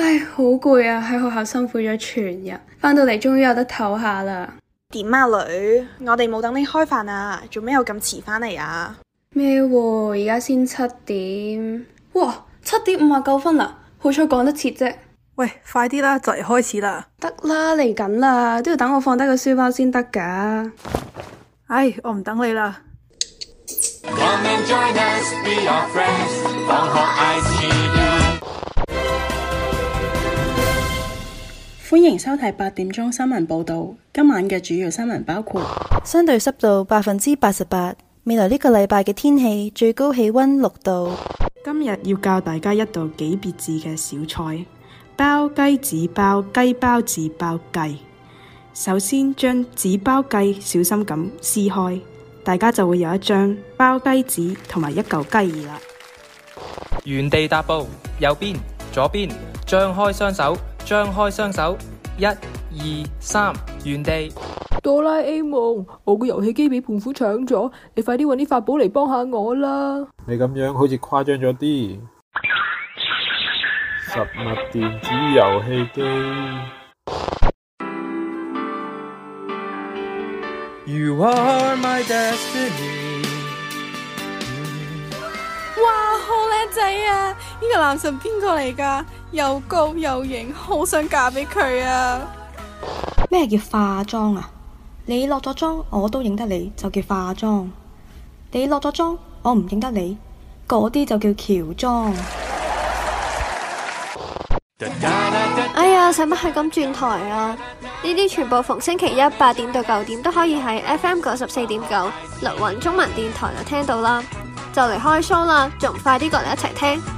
唉，好攰啊！喺學校辛苦咗全日，翻到嚟終於有得唞下啦。點啊女，我哋冇等你開飯啊，做咩又咁遲翻嚟啊？咩？而家先七點？哇，七點五啊九分啦，好彩講得切啫。喂，快啲啦，就嚟開始啦。得啦，嚟緊啦，都要等我放低個書包先得噶。唉，我唔等你啦。歡迎收睇八點鐘新聞報道。今晚嘅主要新聞包括相對濕度百分之八十八。未來呢個禮拜嘅天氣最高氣溫六度。今日要教大家一道幾別致嘅小菜——包雞子包雞包子包，包，包雞。首先將紙包雞小心咁撕開，大家就會有一張包雞紙同埋一嚿雞翼啦。原地踏步，右邊，左邊，張開雙手。張開雙手，一、二、三，原地。哆啦 A 夢，我個遊戲機畀胖虎搶咗，你快啲搵啲法寶嚟幫下我啦！你咁樣好似誇張咗啲。 實物電子遊戲機。You are my destiny！哇，好靚仔啊！呢、這個男神邊個嚟㗎？又高又型，好想嫁俾佢啊！咩叫化妝啊？你落咗妝，我都認得你，就叫化妝。你落咗妝，我唔認得你，嗰啲就叫喬妝。 哎呀，使乜係咁轉台啊？呢啲 全部逢星期一八點到九點都可以喺 FM 九十四點九綠雲中文電台就聽到啦。就嚟 開 show 啦，仲快啲過嚟一齊聽！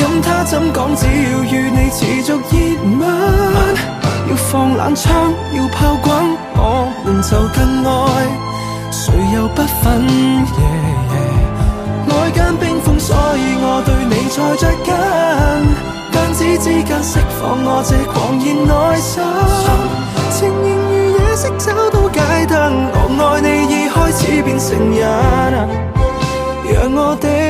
任他怎講，只要與你持續熱吻，要放冷槍，要炮轟，我們就更愛。誰又不忿，yeah？Yeah. 外間冰封，所以我對你才着緊。彈指之間釋放我這狂熱內心，情形如夜色找到街燈。我愛你已開始變成癮，讓我的。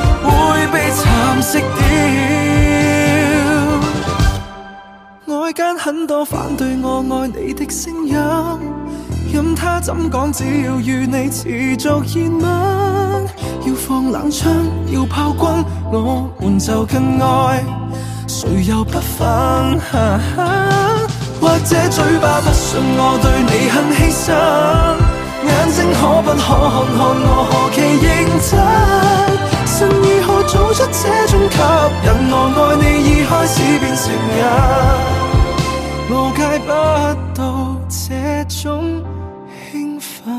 會被蠶食掉。外 間很多反對我愛你的聲音，任他怎講，只要與你持續熱吻，要放冷槍，要炮轟，我們就更愛，誰又不忿？ 或者嘴巴不信我對你肯犧牲，眼睛可不可看看我何其認真？如何做出這種吸引我愛你？已開始變成癮我戒不到這種興奮。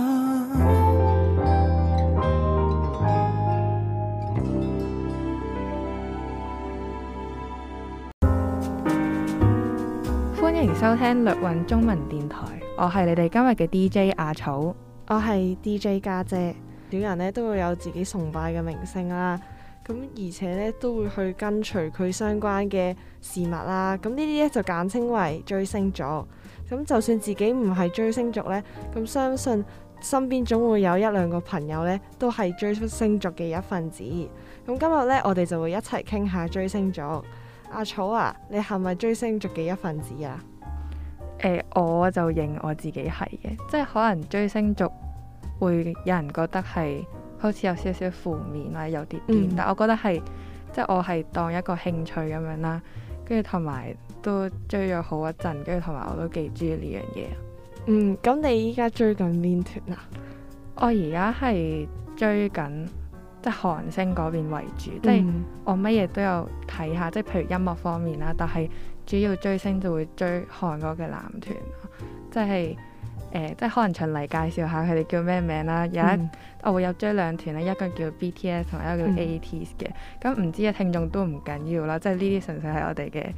歡迎收聽樂韻中文電台，我係你哋今日嘅 DJ 阿草，我係 DJ 家姐,姐。唔少人呢都會有自己崇拜嘅明星啦，咁、啊、而且呢都會去跟隨佢相關嘅事物啦。咁呢啲呢就簡稱為追星族。咁就算自己唔係追星族呢，咁、啊、相信身邊總會有一兩個朋友呢都係追星族嘅一份子。咁今日呢，我哋就會一齊傾下追星族。阿、啊、草啊，你係咪追星族嘅一份子啊、呃？我就認我自己係嘅，即係可能追星族。會有人覺得係好似有少少負面或者有啲啲，嗯、但我覺得係即係我係當一個興趣咁樣啦，跟住同埋都追咗好一陣，跟住同埋我都幾中意呢樣嘢。嗯，咁你依家追緊邊團啊？我而家係追緊即係韓星嗰邊為主，即係我乜嘢都有睇下，即係譬如音樂方面啦，但係主要追星就會追韓國嘅男團，即係。誒、呃，即係可能循例介紹下佢哋叫咩名啦。嗯、有一我會有追兩團咧，一個叫 BTS，同埋一個叫 A.T.S 嘅。咁唔、嗯、知嘅聽眾都唔緊要啦，即係呢啲純粹係我哋嘅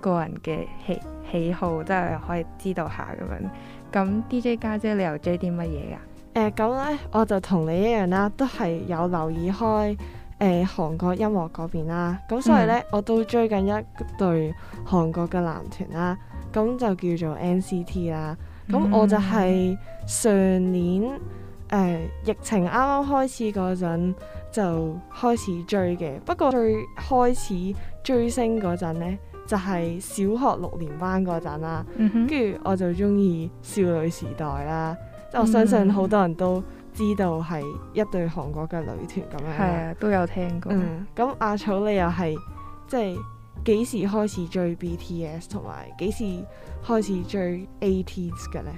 個人嘅喜喜好，即係可以知道下咁樣。咁 D.J. 家姐，你又追啲乜嘢㗎？誒、呃，咁咧我就同你一樣啦，都係有留意開誒、呃、韓國音樂嗰邊啦。咁所以咧，嗯、我都追緊一隊韓國嘅男團啦，咁就叫做 N.C.T 啦。咁、嗯、我就係上年誒、呃、疫情啱啱開始嗰陣就開始追嘅，不過最開始追星嗰陣呢就係、是、小學六年班嗰陣啦，跟住、嗯、哼我就中意少女時代啦，即、嗯、我相信好多人都知道係一隊韓國嘅女團咁樣啦，係啊都有聽過。咁、嗯、阿草你又係即係幾時開始追 BTS 同埋幾時開始追 eighties 嘅咧？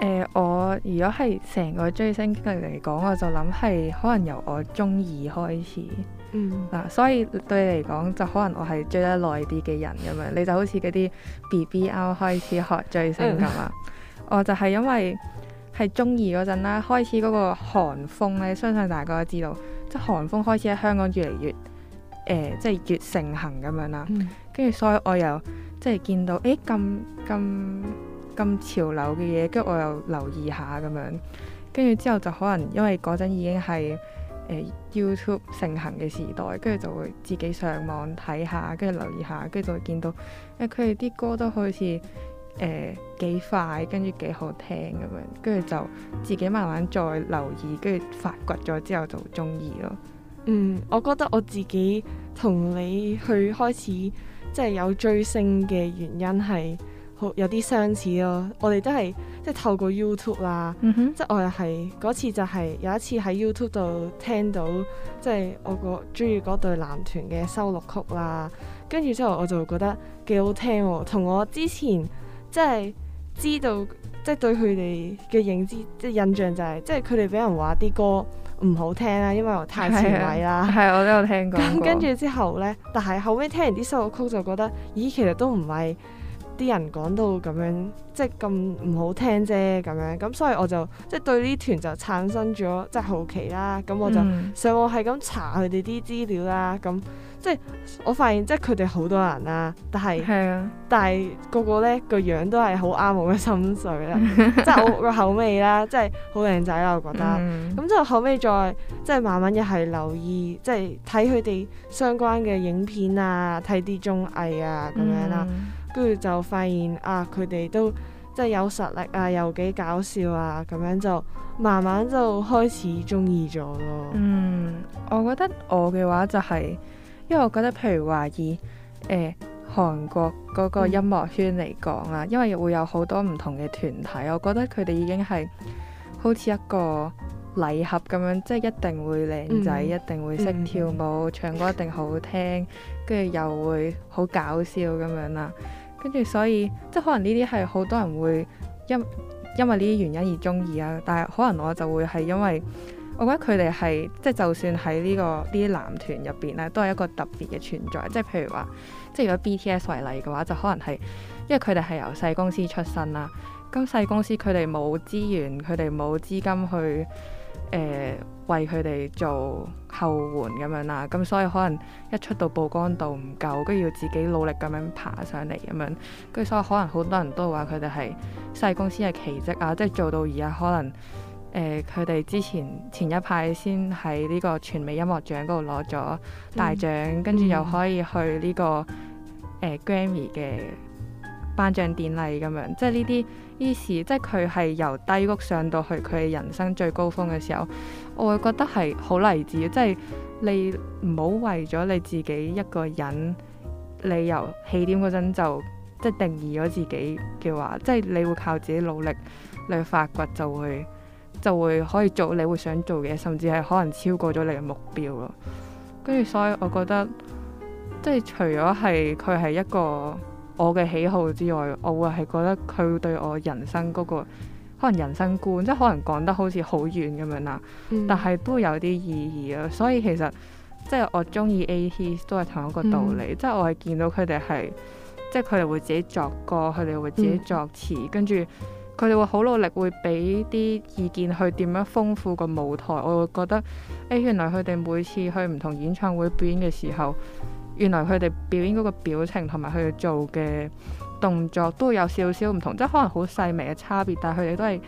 誒、呃，我如果係成個追星經歷嚟講，我就諗係可能由我中二開始。嗯，嗱、啊，所以對你嚟講，就可能我係追得耐啲嘅人咁樣。你就好似嗰啲 BBR 開始學追星咁啊。嗯、我就係因為係中二嗰陣啦，開始嗰個韓風咧，相信大家都知道，即、就、係、是、韓風開始喺香港越嚟越誒，即、呃、係、就是、越盛行咁樣啦。跟住、嗯，所以我又。即係見到誒咁咁咁潮流嘅嘢，跟住我又留意下咁樣，跟住之後就可能因為嗰陣已經係誒、呃、YouTube 盛行嘅時代，跟住就會自己上網睇下，跟住留意下，跟住就會見到誒佢哋啲歌都好似誒幾快，跟住幾好聽咁樣，跟住就自己慢慢再留意，跟住發掘咗之後就中意咯。嗯，我覺得我自己同你去開始。即係有追星嘅原因係好有啲相似咯，我哋都係即係透過 YouTube 啦，mm hmm. 即我又係嗰次就係有一次喺 YouTube 度聽到，即係我個中意嗰隊男團嘅收錄曲啦，跟住之後我就覺得幾好聽，同我之前即係知道即係對佢哋嘅認知即係印象就係、是、即係佢哋俾人話啲歌。唔好聽啦，因為我太前衛啦。係 我都有聽過。咁跟住之後呢，但係後尾聽完啲收錄曲就覺得，咦，其實都唔係啲人講到咁樣，即係咁唔好聽啫咁樣。咁所以我就即係、就是、對呢團就產生咗即係好奇啦。咁我就上網係咁查佢哋啲資料啦。咁、 嗯即係我發現，即係佢哋好多人啦、啊，但係、啊、但係個個咧，個樣都係好啱我嘅心水啦、 啊，即係我個口味啦，即係好靚仔啦，我覺得。咁、嗯、就後尾再即係慢慢又係留意，即係睇佢哋相關嘅影片啊，睇啲綜藝啊咁樣啦、啊，跟住、嗯、就發現啊，佢哋都即係有實力啊，又幾搞笑啊，咁樣就慢慢就開始中意咗咯。嗯，我覺得我嘅話就係、是。因為我覺得，譬如話以誒、呃、韓國嗰個音樂圈嚟講啦，嗯、因為會有好多唔同嘅團體，我覺得佢哋已經係好似一個禮盒咁樣，即係一定會靚仔，嗯、一定會識跳舞、嗯嗯唱歌，一定好聽，跟住又會好搞笑咁樣啦。跟住所以，即係可能呢啲係好多人會因因為呢啲原因而中意啊。但係可能我就會係因為。我覺得佢哋係即係就算喺呢、呢個啲男團入邊咧，都係一個特別嘅存在。即係譬如話，即係如果 BTS 為例嘅話，就可能係因為佢哋係由細公司出身啦。咁細公司佢哋冇資源，佢哋冇資金去誒、呃、為佢哋做後援咁樣啦。咁所以可能一出到曝光度唔夠，跟住要自己努力咁樣爬上嚟咁樣，跟住所以可能好多人都話佢哋係細公司嘅奇蹟啊！即係做到而家可能。誒佢哋之前前一排先喺呢個全美音樂獎嗰度攞咗大獎，嗯、跟住又可以去呢、呢個誒、嗯呃、Grammy 嘅頒獎典禮咁樣，即係呢啲於是意思、嗯、即係佢係由低谷上到去佢人生最高峰嘅時候，我會覺得係好勵志，即係你唔好為咗你自己一個人，你由起點嗰陣就即係定義咗自己嘅話，即係你會靠自己努力你發掘就會。就會可以做你會想做嘅，甚至係可能超過咗你嘅目標咯。跟住，所以我覺得，即係除咗係佢係一個我嘅喜好之外，我會係覺得佢對我人生嗰、那個可能人生觀，即係可能講得好似好遠咁樣啦，嗯、但係都有啲意義啊。所以其實即係我中意 A. T. 都係同一個道理，嗯、即係我係見到佢哋係，即係佢哋會自己作歌，佢哋會自己作詞，嗯、跟住。佢哋會好努力，會俾啲意見去點樣豐富個舞台。我會覺得誒、欸，原來佢哋每次去唔同演唱會表演嘅時候，原來佢哋表演嗰個表情同埋佢哋做嘅動作都有少少唔同，即係可能好細微嘅差別，但係佢哋都係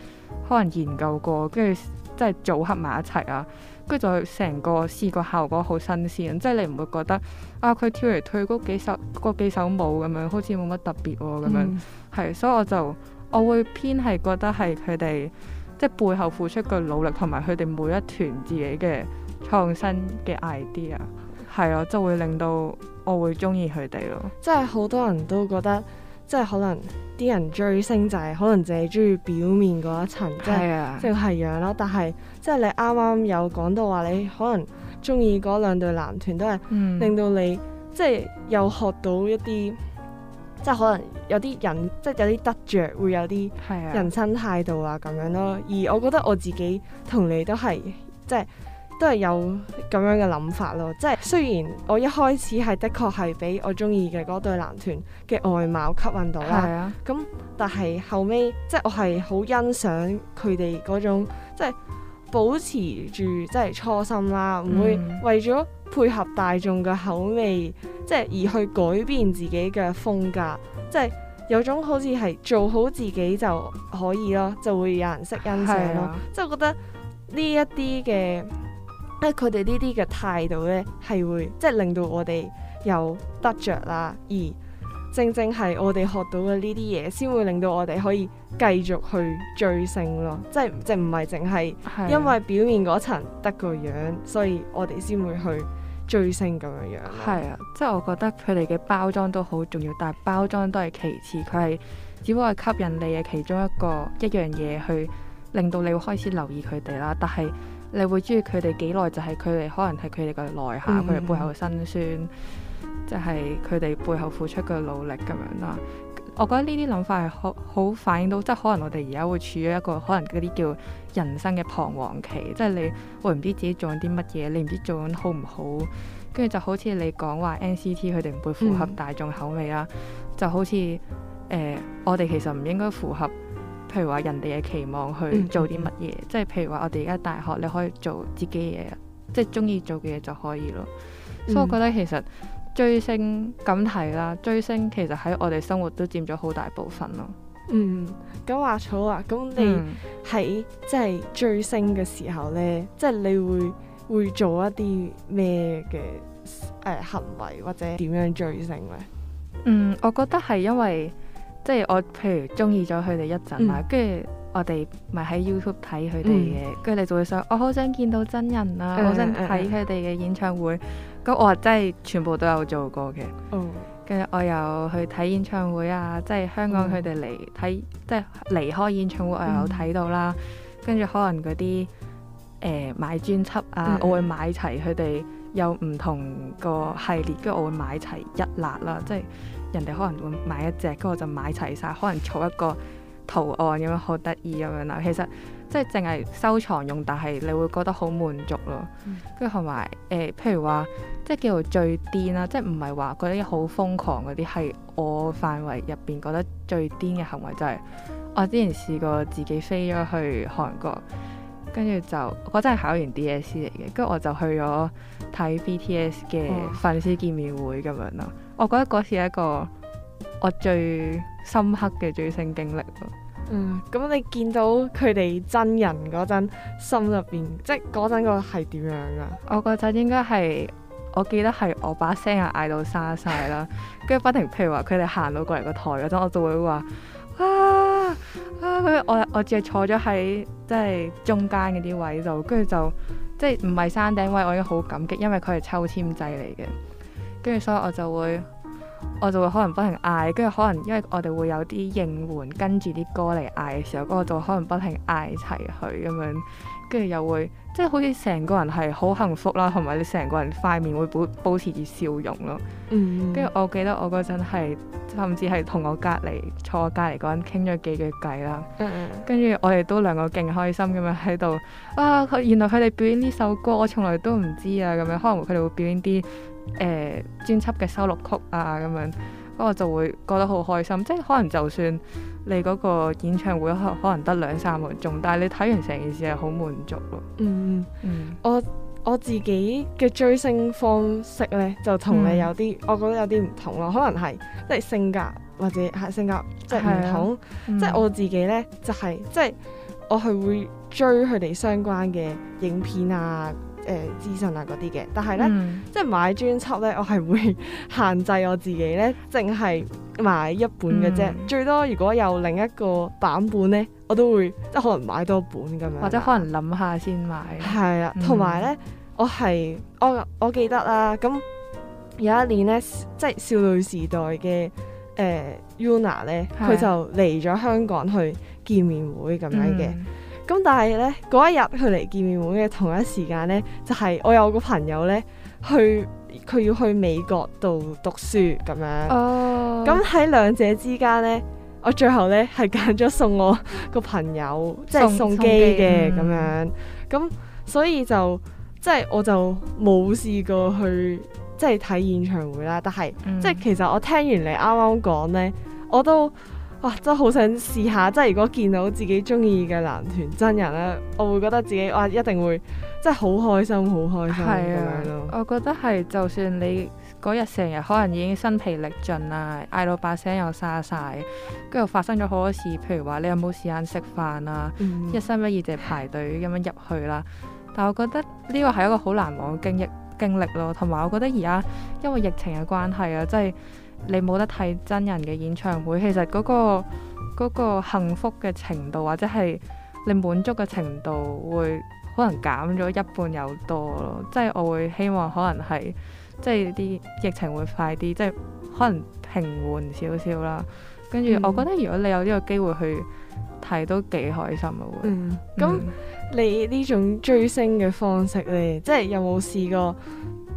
可能研究過，跟住即係組合埋一齊啊，跟住就成個視覺效果好新鮮，即係你唔會覺得啊，佢跳嚟跳去嗰幾首嗰幾首舞咁樣，好似冇乜特別咁、啊、樣。係、嗯，所以我就。我會偏係覺得係佢哋即係背後付出嘅努力，同埋佢哋每一團自己嘅創新嘅 idea，係咯、啊，就會令到我會中意佢哋咯。即係好多人都覺得，即係可能啲人追星就係、是、可能淨係中意表面嗰一層，即係淨係樣咯。但係即係你啱啱有講到話，你可能中意嗰兩隊男團都係、嗯、令到你即係又學到一啲。即係可能有啲人，即係有啲得着，會有啲人生態度啊咁樣咯。而我覺得我自己同你都係，即係都係有咁樣嘅諗法咯。即係雖然我一開始係的確係俾我中意嘅嗰對男團嘅外貌吸引到啦，咁、啊、但係後尾，即係我係好欣賞佢哋嗰種即係。保持住即係初心啦，唔、mm hmm. 會為咗配合大眾嘅口味，即係而去改變自己嘅風格，即係有種好似係做好自己就可以咯，就會有人識欣賞咯。啊、即係我覺得呢一啲嘅，咧佢哋呢啲嘅態度咧係會，即係令到我哋有得着啦，而。正正係我哋學到嘅呢啲嘢，先會令到我哋可以繼續去追星咯。即係即唔係淨係因為表面嗰層得個樣，是啊、所以我哋先會去追星咁樣樣。係啊，即係我覺得佢哋嘅包裝都好重要，但係包裝都係其次，佢係只不過係吸引你嘅其中一個一樣嘢，去令到你會開始留意佢哋啦。但係你會中意佢哋幾耐，就係佢哋可能係佢哋嘅內涵，佢哋、嗯、背後嘅辛酸。就係佢哋背後付出嘅努力咁樣啦。嗯、我覺得呢啲諗法係好好反映到，即係可能我哋而家會處於一個可能嗰啲叫人生嘅彷徨期，即係你會唔知自己做緊啲乜嘢，你唔知做緊好唔好，跟住就好似你講話 NCT 佢哋唔會符合大眾口味啦，嗯、就好似誒、呃、我哋其實唔應該符合，譬如話人哋嘅期望去做啲乜嘢，即係、嗯、譬如話我哋而家大學你可以做自己嘢，即係中意做嘅嘢就可以咯。嗯、所以我覺得其實。追星咁睇啦，追星其實喺我哋生活都佔咗好大部分咯。嗯，咁阿草啊，咁你喺即係追星嘅時候呢，即、就、係、是、你會會做一啲咩嘅誒行為或者點樣追星呢？嗯，我覺得係因為即係我譬如中意咗佢哋一陣啦，跟住、嗯、我哋咪喺 YouTube 睇佢哋嘅，跟住、嗯、就會想我好想見到真人啊，好、嗯、想睇佢哋嘅演唱會。嗯嗯咁我真係全部都有做過嘅，跟住、oh. 我又去睇演唱會啊，即係香港佢哋嚟睇，mm. 即係離開演唱會我又有睇到啦。跟住、mm. 可能嗰啲誒買專輯啊，我會買齊佢哋有唔同個系列，跟住、mm. 我會買齊一辣啦。Mm. 即係人哋可能會買一隻，跟住我就買齊晒，可能儲一個圖案咁樣好得意咁樣啦。其實～即係淨係收藏用，但係你會覺得好滿足咯。跟住同埋誒，譬如話即係叫做最癲啦、啊，即係唔係話嗰啲好瘋狂嗰啲，係我範圍入邊覺得最癲嘅行為就係、是、我之前試過自己飛咗去韓國，跟住就嗰陣係考完 DSE 嚟嘅，跟住我就去咗睇 BTS 嘅粉絲見面會咁樣咯。哦、我覺得嗰次係一個我最深刻嘅追星經歷咯。嗯，咁你見到佢哋真人嗰陣心入邊，即係嗰陣個係點樣啊？我嗰陣應該係，我記得係我把聲啊嗌到沙晒啦，跟住 不停，譬如話佢哋行到過嚟個台嗰陣，我就會話啊啊，咁、啊、我我只係坐咗喺即係中間嗰啲位度，跟住就即係唔係山頂位，我已經好感激，因為佢係抽籤制嚟嘅，跟住所以我就會。我就會可能不停嗌，跟住可能因為我哋會有啲應援跟住啲歌嚟，嗌嘅時候，咁我就可能不停嗌齊去咁樣，跟住又會即係好似成個人係好幸福啦，同埋你成個人塊面會保保持住笑容咯。跟住、mm hmm. 我記得我嗰陣係甚至係同我隔籬坐我隔籬嗰人傾咗幾句偈啦。跟住、mm hmm. 我哋都兩個勁開心咁樣喺度啊！原來佢哋表演呢首歌，我從來都唔知啊！咁樣可能佢哋會表演啲。誒，專輯嘅收錄曲啊，咁樣，咁我就會覺得好開心。即係可能就算你嗰個演唱會可可能得兩三個鐘，但係你睇完成件事係好滿足咯。嗯嗯，嗯我我自己嘅追星方式咧，就同你有啲，嗯、我覺得有啲唔同咯。可能係即係性格或者係性格即係唔同。即係、啊嗯、我自己咧，就係即係我係會追佢哋相關嘅影片啊。誒、呃、資訊啊嗰啲嘅，但係咧，嗯、即係買專輯咧，我係會限制我自己咧，淨係買一本嘅啫。嗯、最多如果有另一個版本咧，我都會即係可能買多本咁樣。或者可能諗下先買。係啊，同埋咧，我係我我記得啦。咁有一年咧，即係少女時代嘅誒 Yoona 咧，佢、呃、是就嚟咗香港去見面會咁樣嘅。嗯咁、嗯、但係咧，嗰一日佢嚟見面會嘅同一時間咧，就係、是、我有個朋友咧，去佢要去美國度讀書咁樣。哦、oh. 嗯。咁喺兩者之間咧，我最後咧係揀咗送我個朋友，即、就、係、是、送，送機嘅咁、嗯、樣。咁、嗯、所以就即係、就是、我就冇試過去即係睇演唱會啦。但係即係其實我聽完你啱啱講咧，我都。哇！真係好想試下，即係如果見到自己中意嘅男團真人咧，我會覺得自己哇，一定會真係好開心、好開心咁、係啊、樣。我覺得係，就算你嗰日成日可能已經身疲力盡啦，嗌到把聲又沙晒，跟住又發生咗好多事，譬如話你有冇時間食飯啊？嗯、一心一意就係排隊咁樣入去啦。 但我覺得呢個係一個好難忘嘅經歷經歷咯。同埋我覺得而家因為疫情嘅關係啊，真係～你冇得睇真人嘅演唱會，其實嗰個嗰個幸福嘅程度，或者係你滿足嘅程度，會可能減咗一半有多咯。即係我會希望可能係，即係啲疫情會快啲，即係可能平緩少少啦。跟住我覺得如果你有呢個機會去睇，都幾開心啊！會嗯、嗯、咁你呢種追星嘅方式咧，即係有冇試過？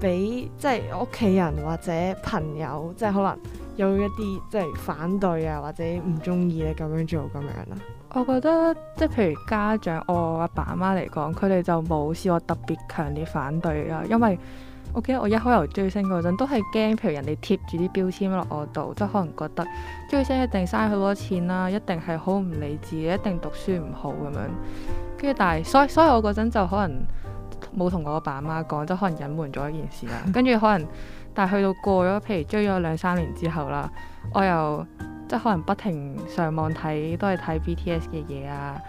俾即係屋企人或者朋友，即係可能有一啲即係反對啊，或者唔中意咧咁樣做咁樣啦。我覺得即係譬如家長，我阿爸阿媽嚟講，佢哋就冇試過特別強烈反對啦，因為我記得我一開頭追星嗰陣都係驚，譬如人哋貼住啲標籤落我度，即係可能覺得追星一定嘥好多錢啦，一定係好唔理智，一定讀書唔好咁樣。跟住但係所以所以我嗰陣就可能。冇同我阿爸阿媽講，即可能隱瞞咗一件事啦。跟住可能，但係去到過咗，譬如追咗兩三年之後啦，我又即係可能不停上網睇，都係睇 BTS 嘅嘢啊。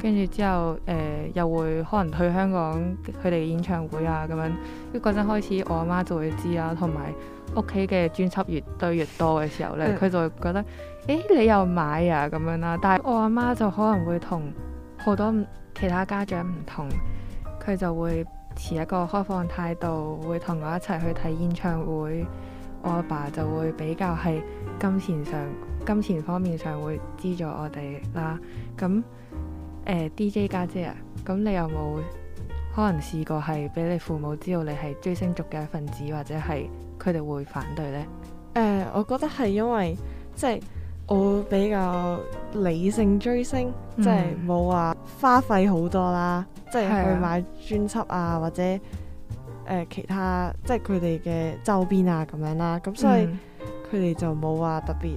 跟住、嗯、之後誒、呃，又會可能去香港佢哋嘅演唱會啊咁樣。跟住嗰陣開始，我阿媽就會知啦。同埋屋企嘅專輯越堆越多嘅時候咧，佢、嗯、就會覺得誒你又買啊咁樣啦。但係我阿媽就可能會同好多其他家長唔同。佢就會持一個開放態度，會同我一齊去睇演唱會。我阿爸，爸就會比較係金錢上、金錢方面上會資助我哋啦。咁、呃、DJ 家姐啊，咁你有冇可能試過係俾你父母知道你係追星族嘅一份子，或者係佢哋會反對呢？誒、呃，我覺得係因為即係。我比較理性追星，即係冇話花費好多啦，嗯、即係去買專輯啊，或者誒、呃、其他即係佢哋嘅周邊啊咁樣啦。咁所以佢哋、嗯、就冇話特別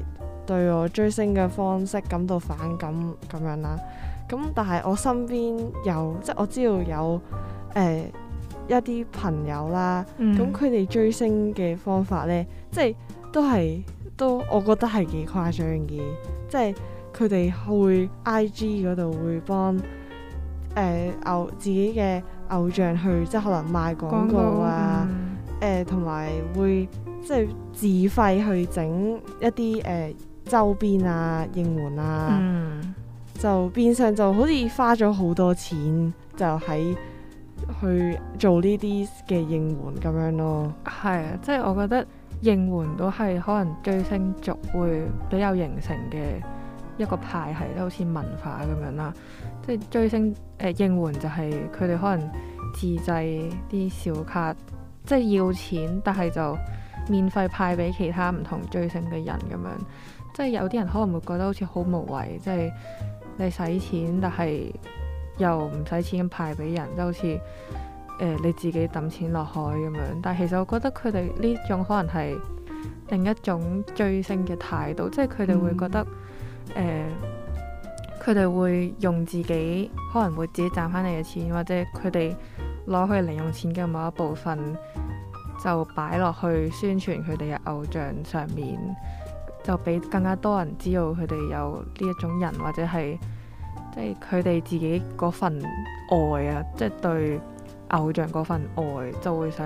對我追星嘅方式感到反感咁樣啦。咁但係我身邊有即係我知道有誒、呃、一啲朋友啦，咁佢哋追星嘅方法呢，即係都係。都我覺得係幾誇張嘅，即係佢哋會 IG 嗰度會幫誒偶、呃、自己嘅偶像去，即係可能賣廣告啊，誒同埋會即係自費去整一啲誒、呃、周邊啊應援啊，嗯、就變相就好似花咗好多錢就喺去做呢啲嘅應援咁樣咯。係啊，即係我覺得。應援都係可能追星族會比較形成嘅一個派系，都好似文化咁樣啦。即係追星誒、呃、應援就係佢哋可能自製啲小卡，即係要錢，但係就免費派俾其他唔同追星嘅人咁樣。即係有啲人可能會覺得好似好無謂，即係你使錢，但係又唔使錢咁派俾人，就好似。誒、呃、你自己揼錢落海咁樣，但係其實我覺得佢哋呢種可能係另一種追星嘅態度，即係佢哋會覺得誒，佢哋、嗯呃、會用自己可能會自己賺翻嚟嘅錢，或者佢哋攞去零用錢嘅某一部分就擺落去宣傳佢哋嘅偶像上面，就俾更加多人知道佢哋有呢一種人，或者係即係佢哋自己嗰份愛啊，即係對。偶像嗰份愛就會想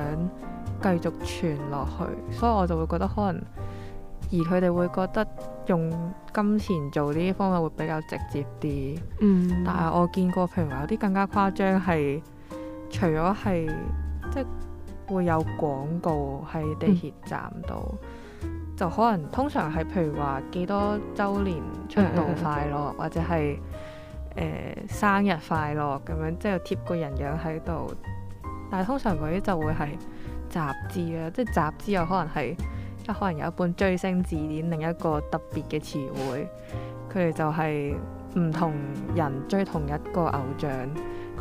繼續傳落去，所以我就會覺得可能，而佢哋會覺得用金錢做呢啲方法會比較直接啲。嗯，但係我見過譬如話有啲更加誇張係，除咗係即係會有廣告喺地鐵站度，嗯、就可能通常係譬如話幾多週年出道快樂，嗯、或者係誒、呃、生日快樂咁樣，即係貼個人樣喺度。但係通常嗰啲就會係雜誌啊，即係雜誌又可能係，即可能有一本追星字典，另一個特別嘅詞彙，佢哋就係唔同人追同一個偶像，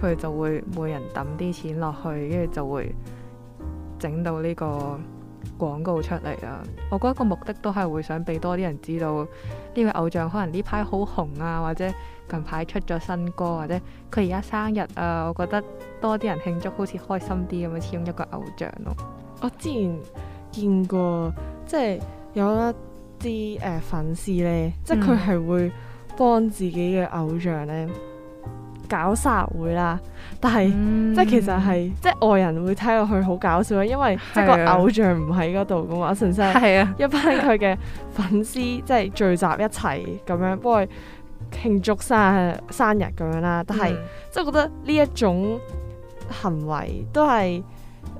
佢哋就會每人抌啲錢落去，跟住就會整到呢個廣告出嚟啊。我覺得個目的都係會想俾多啲人知道呢位偶像可能呢排好紅啊，或者，近排出咗新歌或者佢而家生日啊，我覺得多啲人慶祝好似開心啲咁樣，始終一個偶像咯、哦。我之前見過，即係有一啲誒、呃、粉絲咧，即係佢係會幫自己嘅偶像咧搞殺會啦。但係即係其實係即係外人會睇落去好搞笑，因為即係個偶像唔喺嗰度嘅嘛，成身係啊，實啊一班佢嘅粉絲 即係聚集一齊咁樣，不過。慶祝生日咁樣啦，但係即係覺得呢一種行為都係誒、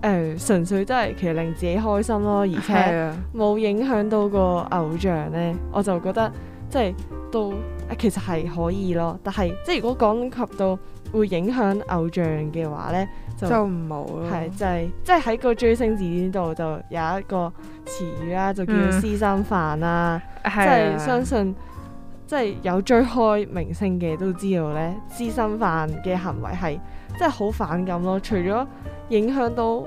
呃、純粹都係其實令自己開心咯，而且冇影響到個偶像呢。我就覺得即係都其實係可以咯。但係即係如果講及到會影響偶像嘅話呢，就唔好咯。係就係即係喺個追星字典度就有一個詞語啦、啊，就叫做私生飯啦，即係相信。即係有追開明星嘅都知道咧，私生飯嘅行為係真係好反感咯。除咗影響到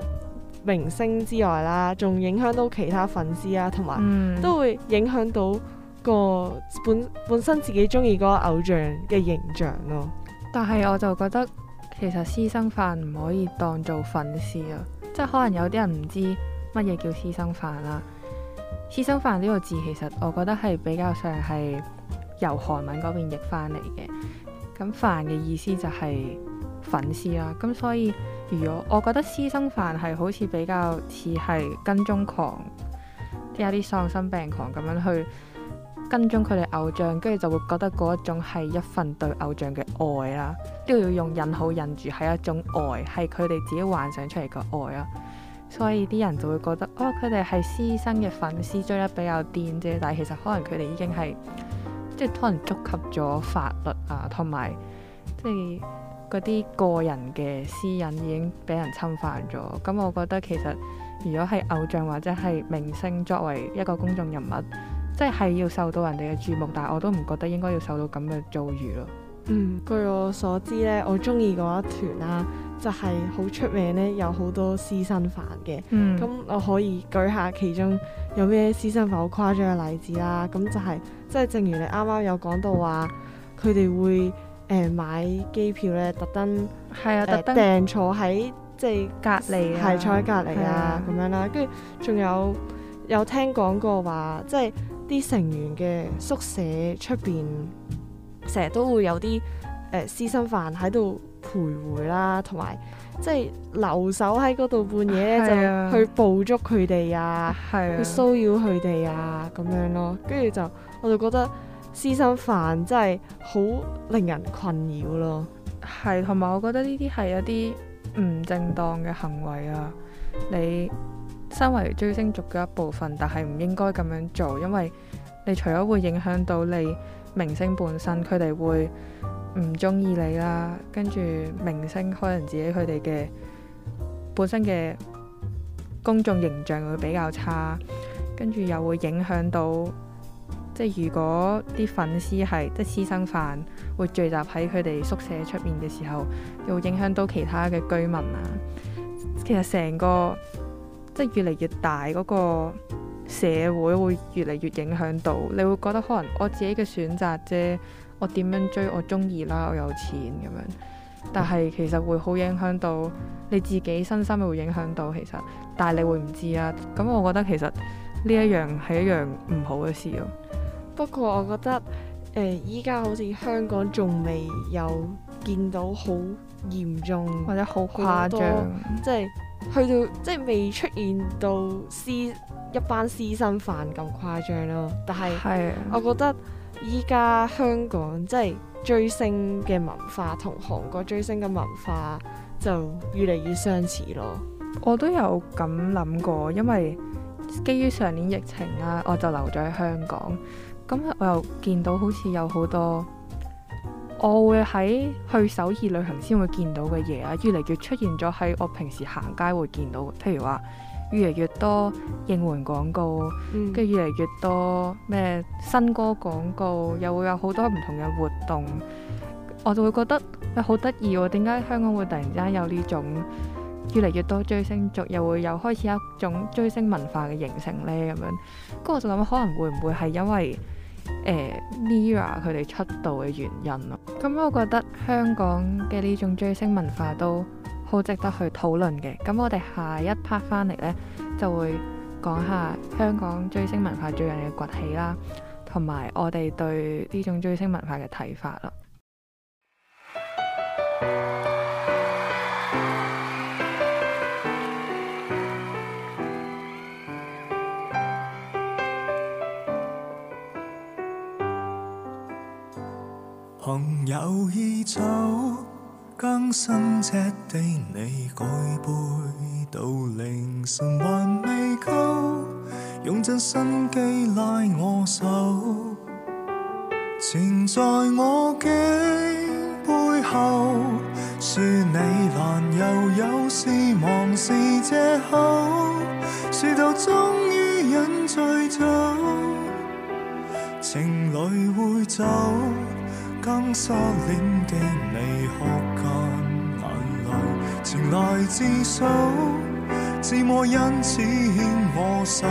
明星之外啦，仲影響到其他粉絲啊，同埋、嗯、都會影響到個本本身自己中意嗰個偶像嘅形象咯。但係我就覺得其實私生飯唔可以當做粉絲啊。即係可能有啲人唔知乜嘢叫私生飯啦。私生飯呢個字其實我覺得係比較上係。由韓文嗰邊譯翻嚟嘅，咁飯嘅意思就係粉絲啦。咁所以，如果我覺得私生飯係好似比較似係跟蹤狂，即有啲喪心病狂咁樣去跟蹤佢哋偶像，跟住就會覺得嗰一種係一份對偶像嘅愛啦。都要用引號引住，係一種愛，係佢哋自己幻想出嚟嘅愛啦。所以啲人就會覺得，哦，佢哋係私生嘅粉絲，私追得比較癲啫。但係其實可能佢哋已經係。即係可能觸及咗法律啊，同埋即係嗰啲個人嘅私隱已經俾人侵犯咗。咁我覺得其實，如果係偶像或者係明星作為一個公眾人物，即係要受到人哋嘅注目，但我都唔覺得應該要受到咁嘅遭遇咯。嗯，據我所知呢，我中意嗰一團啦、啊。就係好出名咧，有好多私生飯嘅。咁、嗯、我可以舉下其中有咩私生飯好誇張嘅例子啦。咁就係即係正如你啱啱有講到話，佢哋會誒、呃、買機票咧，特登係啊，特登訂、呃、坐喺即係隔離啊，係坐喺隔離啊咁、啊、樣啦。跟住仲有有聽講過話，即係啲成員嘅宿舍出邊成日都會有啲誒、呃、私生飯喺度。徘徊啦，同埋即係留守喺嗰度半夜、啊、就去捕捉佢哋啊，去騷擾佢哋啊，咁、啊、樣咯。跟住就我就覺得私生飯真係好令人困擾咯。係同埋我覺得呢啲係一啲唔正當嘅行為啊。你身為追星族嘅一部分，但係唔應該咁樣做，因為你除咗會影響到你明星本身，佢哋會。唔中意你啦，跟住明星可能自己佢哋嘅本身嘅公眾形象會比較差，跟住又會影響到，即係如果啲粉絲係即係私生飯，會聚集喺佢哋宿舍出面嘅時候，又會影響到其他嘅居民啊。其實成個即係越嚟越大嗰個社會，會越嚟越影響到。你會覺得可能我自己嘅選擇啫。我點樣追我中意啦？我有錢咁樣，但係其實會好影響到你自己身心，會影響到其實，但係你會唔知啊？咁我覺得其實呢一樣係一樣唔好嘅事咯。不過我覺得誒，呃、依家好似香港仲未有見到好嚴重或者好誇張，多誇張即係去到即係未出現到私一班私生飯咁誇張咯。但係的我覺得。依家香港即係追星嘅文化同韓國追星嘅文化就越嚟越相似咯。我都有咁諗過，因為基於上年疫情啦、啊，我就留咗喺香港。咁我又見到好似有好多我會喺去首爾旅行先會見到嘅嘢啦，越嚟越出現咗喺我平時行街會見到，譬如話。越嚟越多應援廣告，跟住越嚟越多咩新歌廣告，又會有好多唔同嘅活動，我就會覺得好得意喎！點解香港會突然之間有呢種越嚟越多追星族，又會又開始有一種追星文化嘅形成呢？咁樣？咁我就諗可能會唔會係因為誒 Mirror 佢哋出道嘅原因咯？咁我覺得香港嘅呢種追星文化都～好值得去討論嘅，咁我哋下一 part 翻嚟呢，就會講下香港追星文化最近嘅崛起啦，同埋我哋對呢種追星文化嘅睇法啦。朋友已走。 剛升職的你舉杯到凌晨還未夠，用盡心機拉我手，纏在我頸背後。説你男友有事忙是藉口，説到終於飲醉酒，情侶會走。剛失戀的你哭乾眼淚，前來自首，寂寞因此牽我手，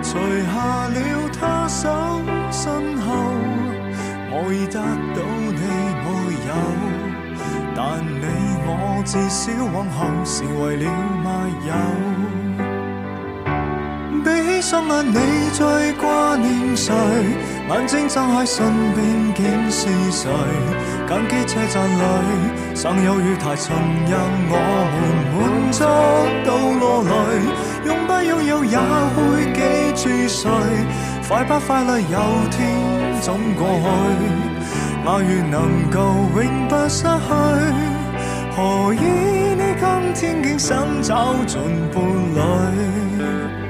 除下了他手身後，我已得到你沒有，但你我至少往後成為了密友。閉起雙眼，你最掛念誰？眼睛張開，身邊竟是誰？感激車站裡，尚有月台，曾讓我們滿足到落淚。擁不擁有也會記住誰？快不快樂有天總過去。愛若能夠永不失去，何以你今天竟想找尋伴侶？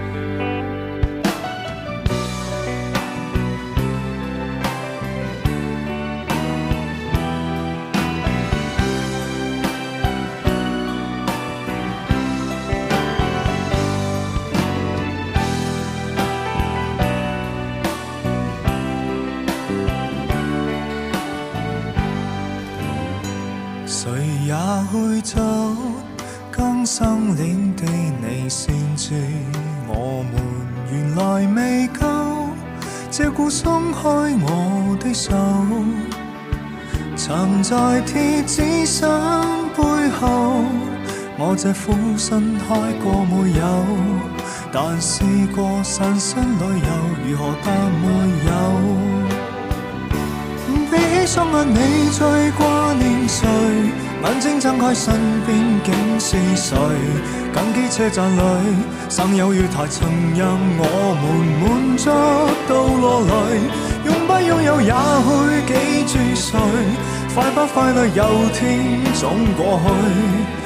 這苦春開過沒有？但試過散心旅遊，如何答：沒有？閉起雙眼，你最掛念誰？眼睛睜開，身邊竟是誰？感激車站裡，尚有月台，曾讓我們滿足到落淚。擁不擁有，也會記住誰？快不快樂，有天總過去。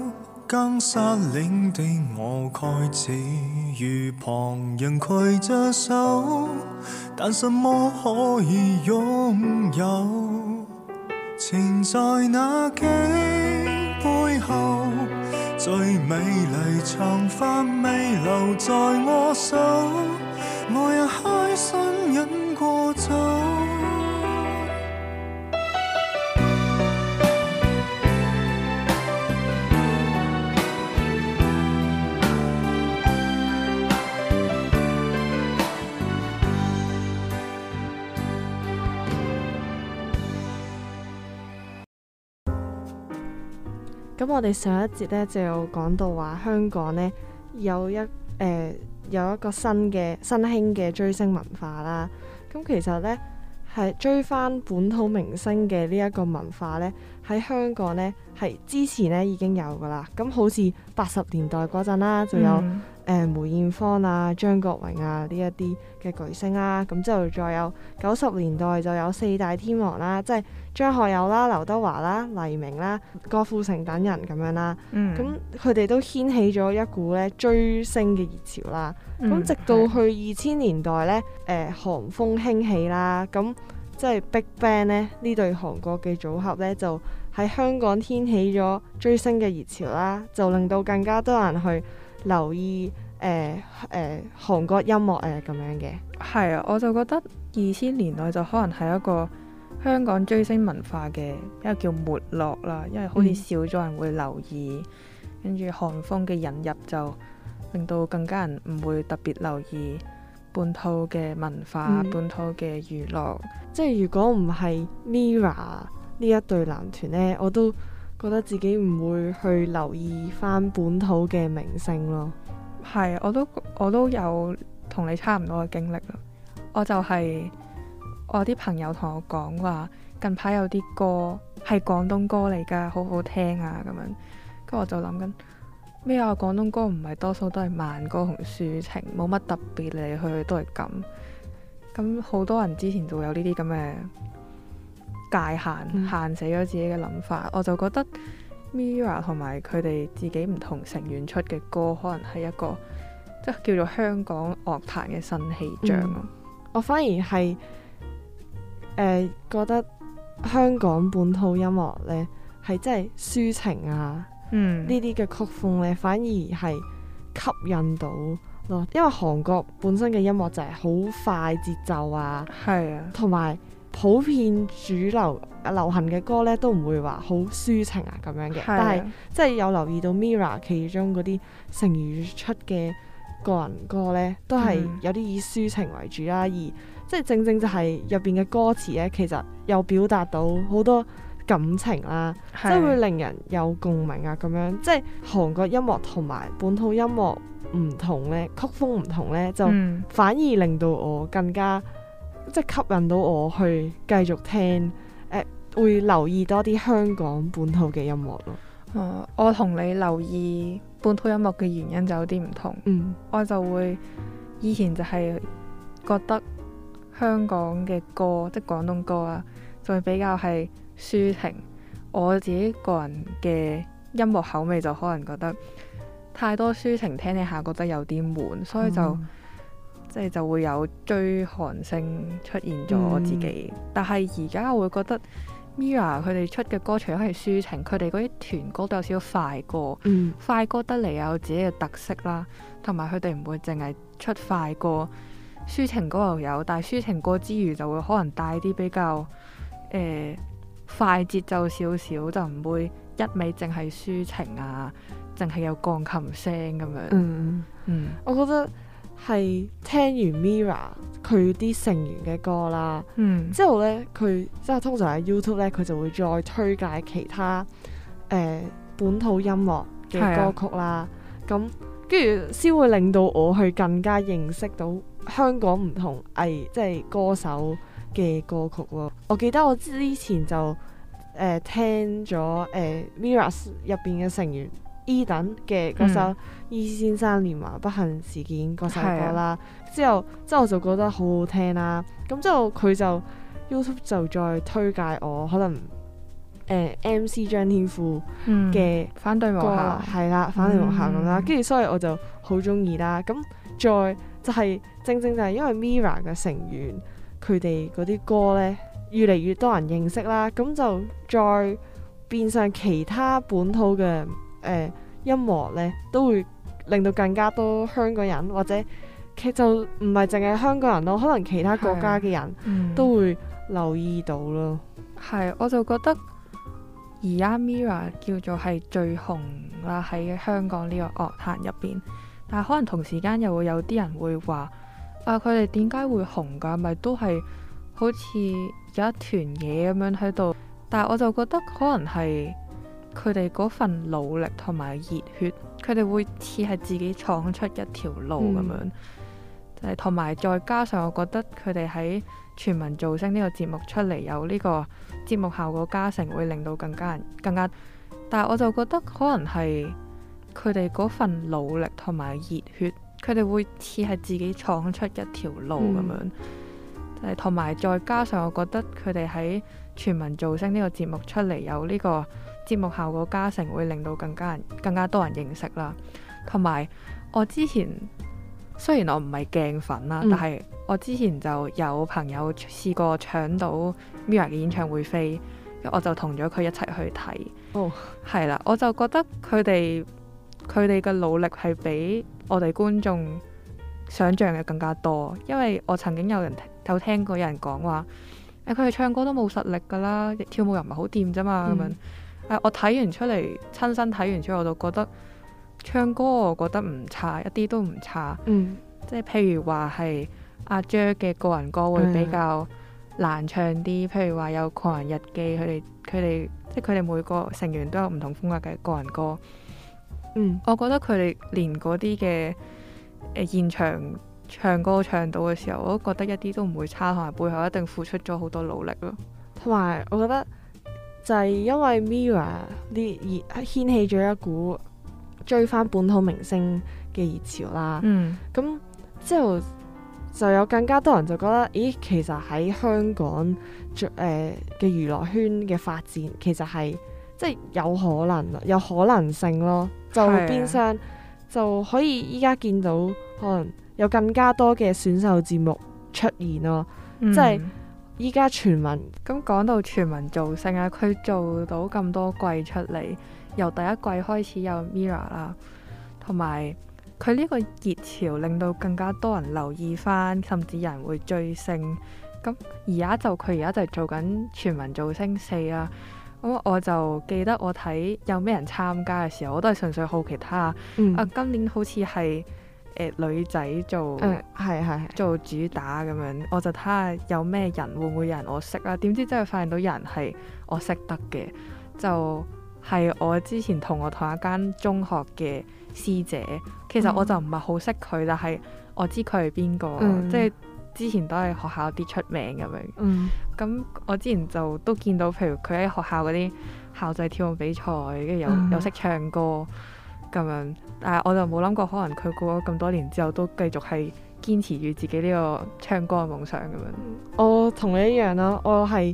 剛失戀的我，開始與旁人攜着手，但什麼可以擁有？纏在那頸背後，最美麗長髮未留在我手，我也開心飲過酒。咁我哋上一節咧就有講到話香港咧有一誒、呃、有一個新嘅新興嘅追星文化啦。咁其實咧係追翻本土明星嘅呢一個文化咧，喺香港咧係之前咧已經有噶啦。咁好似八十年代嗰陣啦，就有。誒、呃、梅艷芳啊、張國榮啊呢一啲嘅巨星啦、啊，咁之後再有九十年代就有四大天王啦，即、就、係、是、張學友啦、劉德華啦、黎明啦、郭富城等人咁樣啦。咁佢哋都掀起咗一股咧追星嘅熱潮啦。咁、嗯、直到去二千年代咧，誒、嗯呃、韓風興起啦，咁即係 Big Bang 呢，呢對韓國嘅組合咧，就喺香港掀起咗追星嘅熱潮啦，就令到更加多人去。留意誒誒、呃呃、韓國音樂誒咁、呃、樣嘅，係啊，我就覺得二千年代就可能係一個香港追星文化嘅一個叫沒落啦，因為好似少咗人會留意，跟住、嗯、韓風嘅引入就令到更加人唔會特別留意本土嘅文化、本土嘅娛樂。即係如果唔係 Mirror 呢一隊男團呢，我都。覺得自己唔會去留意翻本土嘅明星咯，係，我都我都有同你差唔多嘅經歷啦。我就係，我啲朋友同我講話，近排有啲歌係廣東歌嚟㗎，好好聽啊咁樣。跟住我就諗緊咩啊，廣東歌唔係多數都係慢歌同抒情，冇乜特別嚟，去都係咁。咁好多人之前就會有呢啲咁嘅。界限限死咗自己嘅諗法，嗯、我就覺得 Mirror 同埋佢哋自己唔同成員出嘅歌，可能係一個即叫做香港樂壇嘅新氣象咯。嗯、我反而係誒、呃、覺得香港本土音樂咧，係真係抒情啊，呢啲嘅曲風咧，反而係吸引到咯。因為韓國本身嘅音樂就係好快節奏啊，係啊，同埋。普遍主流流行嘅歌咧，都唔會話好抒情啊，咁樣嘅。是啊、但係即係有留意到 Mirror 其中嗰啲成員出嘅個人歌咧，都係有啲以抒情為主啦、啊。而即係正正就係入邊嘅歌詞咧，其實又表達到好多感情啦、啊，即係是、啊、會令人有共鳴啊咁樣。即係韓國音樂同埋本土音樂唔同咧，曲風唔同咧，就反而令到我更加。即吸引到我去繼續聽，誒、呃，會留意多啲香港本土嘅音樂咯、啊。我同你留意本土音樂嘅原因就有啲唔同。嗯，我就會以前就係覺得香港嘅歌，即係廣東歌啊，仲係比較係抒情。我自己個人嘅音樂口味就可能覺得太多抒情聽你下，覺得有啲悶，嗯、所以就。即係就會有追韓星出現咗自己，嗯、但係而家我會覺得 Mirror 佢哋出嘅歌除咗係抒情，佢哋嗰啲團歌都有少少快歌，嗯、快歌得嚟有自己嘅特色啦，同埋佢哋唔會淨係出快歌，抒情歌又有，但係抒情歌之餘就會可能帶啲比較誒、呃、快節奏少少，就唔會一味淨係抒情啊，淨係有鋼琴聲咁樣。嗯嗯我覺得。係聽完 Mirror 佢啲成員嘅歌啦，嗯、之後呢，佢即係通常喺 YouTube 呢，佢就會再推介其他誒、呃、本土音樂嘅歌曲啦，咁跟住先會令到我去更加認識到香港唔同藝即係歌手嘅歌曲咯。我記得我之前就誒、呃、聽咗誒、呃、Mirror 入邊嘅成員 Eden 嘅歌手。嗯伊、e、先生連環不幸事件嗰首歌啦對，之後之後我就覺得好好聽啦。咁之後佢就 YouTube 就再推介我，可能、呃、MC 張天賦嘅、嗯、歌反對無效，係啦，反對無效咁啦。跟住、嗯、所以我就好中意啦。咁再就係、是、正正就係因為 Mira 嘅成員佢哋嗰啲歌呢，越嚟越多人認識啦。咁就再變相其他本土嘅誒、呃、音樂呢，都會。令到更加多香港人或者其，就唔係淨係香港人咯，可能其他國家嘅人，嗯、都會留意到咯。係我就覺得而阿 Mira 叫做係最紅啦，喺香港呢個樂壇入邊，但係可能同時間又會有啲人會話啊，佢哋點解會紅噶咪都係好似有一團嘢咁樣喺度，但係我就覺得可能係。佢哋嗰份努力同埋熱血，佢哋會似係自己闖出一條路咁樣，就係同埋再加上我覺得佢哋喺全民造星呢個節目出嚟有呢個節目效果加成，會令到更加人更加。但係我就覺得可能係佢哋嗰份努力同埋熱血，佢哋會似係自己闖出一條路咁樣，嗯、就係同埋再加上我覺得佢哋喺全民造星呢個節目出嚟有呢個。節目效果加成會令到更加人更加多人認識啦。同埋，我之前雖然我唔係鏡粉啦，嗯、但係我之前就有朋友試過搶到 Mirror 嘅演唱會飛，我就同咗佢一齊去睇。哦，係啦，我就覺得佢哋佢哋嘅努力係比我哋觀眾想象嘅更加多。因為我曾經有人有聽過有人講話，誒佢哋唱歌都冇實力噶啦，跳舞又唔係好掂啫嘛咁樣。嗯誒，我睇完出嚟，親身睇完出嚟，我就覺得唱歌我覺得唔差，一啲都唔差。嗯，即係譬如話係阿 Jer 嘅、er、個人歌會比較難唱啲，嗯、譬如話有《狂人日記》，佢哋佢哋即係佢哋每個成員都有唔同風格嘅個人歌。嗯，我覺得佢哋連嗰啲嘅誒現場唱歌唱到嘅時候，我都覺得一啲都唔會差，同埋背後一定付出咗好多努力咯。同埋我覺得。就係因為 Mirror 呢而掀起咗一股追翻本土明星嘅熱潮啦，咁之後就有更加多人就覺得，咦，其實喺香港做嘅、呃、娛樂圈嘅發展其實係即係有可能，有可能性咯，就變相就可以依家見到可能有更加多嘅選秀節目出現咯，即係、嗯。就係依家全民咁講到全民造星啊，佢做到咁多季出嚟，由第一季開始有 Mirror 啦，同埋佢呢個熱潮令到更加多人留意返，甚至人會追星。咁而家就佢而家就做緊全民造星四啦。咁我就記得我睇有咩人參加嘅時候，我都係純粹好奇他。嗯、啊，今年好似係。誒、呃、女仔做係係、mm hmm. 做主打咁樣，mm hmm. 我就睇下有咩人會唔會有人我識啊？點知真係發現到人係我識得嘅，就係、是、我之前同我同一間中學嘅師姐。其實我就唔係好識佢，mm hmm. 但係我知佢係邊個，即係、mm hmm. 之前都係學校啲出名咁樣。咁、mm hmm. 我之前就都見到，譬如佢喺學校嗰啲校際跳舞比賽，跟住又又識唱歌。咁樣，但係我就冇諗過，可能佢過咗咁多年之後，都繼續係堅持住自己呢個唱歌嘅夢想咁樣。嗯、我同你一樣啦、啊，我係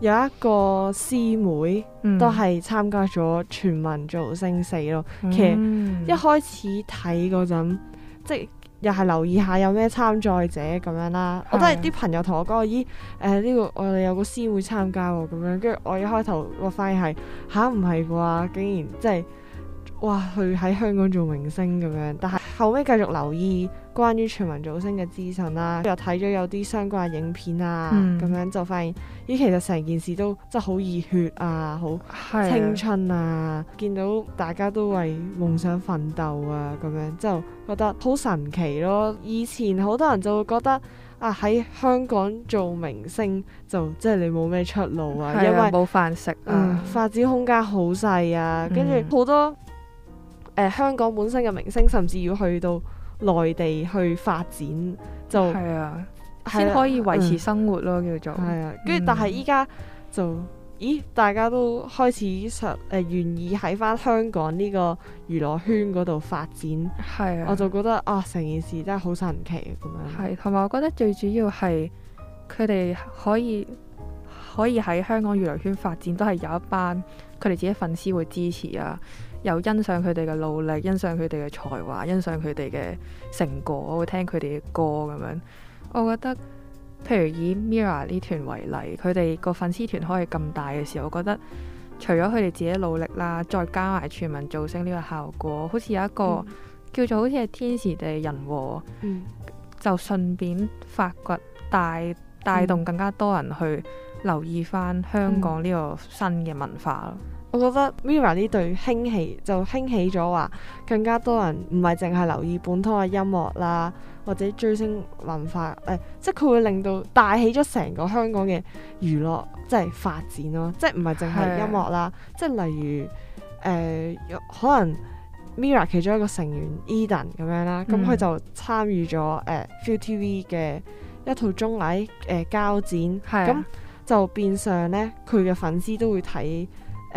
有一個師妹、嗯、都係參加咗全民造星四咯。其實一開始睇嗰陣，嗯、即係又係留意下有咩參賽者咁樣啦、啊。嗯、我都係啲朋友同我講，咦，誒、呃、呢、呢個我哋有個師妹參加咁、哦、樣，跟住我一開頭個反應係吓唔係啩？竟然即係。哇！去喺香港做明星咁樣，但係後尾繼續留意關於全民造星嘅資訊啦、啊，又睇咗有啲相關影片啊，咁、嗯、樣就發現咦，其實成件事都真係好熱血啊，好青春啊，的見到大家都為夢想奮鬥啊，咁樣就覺得好神奇咯。以前好多人就會覺得啊，喺香港做明星就即係、就是、你冇咩出路啊，的因為冇飯食啊，發展空間好細啊，跟住好多。誒、呃、香港本身嘅明星，甚至要去到內地去發展，就係啊，啊先可以維持生活咯，嗯、叫做係啊。跟住、嗯，但係依家就咦，大家都開始想誒、呃，願意喺返香港呢個娛樂圈嗰度發展，係啊，我就覺得啊，成件事真係好神奇咁樣。係，同埋我覺得最主要係佢哋可以可以喺香港娛樂圈發展，都係有一班佢哋自己粉絲會支持啊。有欣賞佢哋嘅努力，欣賞佢哋嘅才華，欣賞佢哋嘅成果，我會聽佢哋嘅歌咁樣。我覺得，譬如以 Mirror 呢團為例，佢哋個粉絲團可以咁大嘅時候，我覺得除咗佢哋自己努力啦，再加埋全民造星呢個效果，好似有一個叫做好似係天時地人和，嗯、就順便發掘帶帶動更加多人去留意返香港呢個新嘅文化咯。嗯嗯。我覺得 Mirror 呢隊興起就興起咗，話更加多人唔係淨係留意本土嘅音樂啦，或者追星文化誒、呃，即係佢會令到帶起咗成個香港嘅娛樂即係發展咯，即係唔係淨係音樂啦，的即係例如誒、呃，可能 Mirror 其中一個成員 Eden 咁樣啦，咁佢、嗯、就參與咗誒 ViuTV 嘅一套綜藝誒膠戰，咁、呃、的就變相咧佢嘅粉絲都會睇。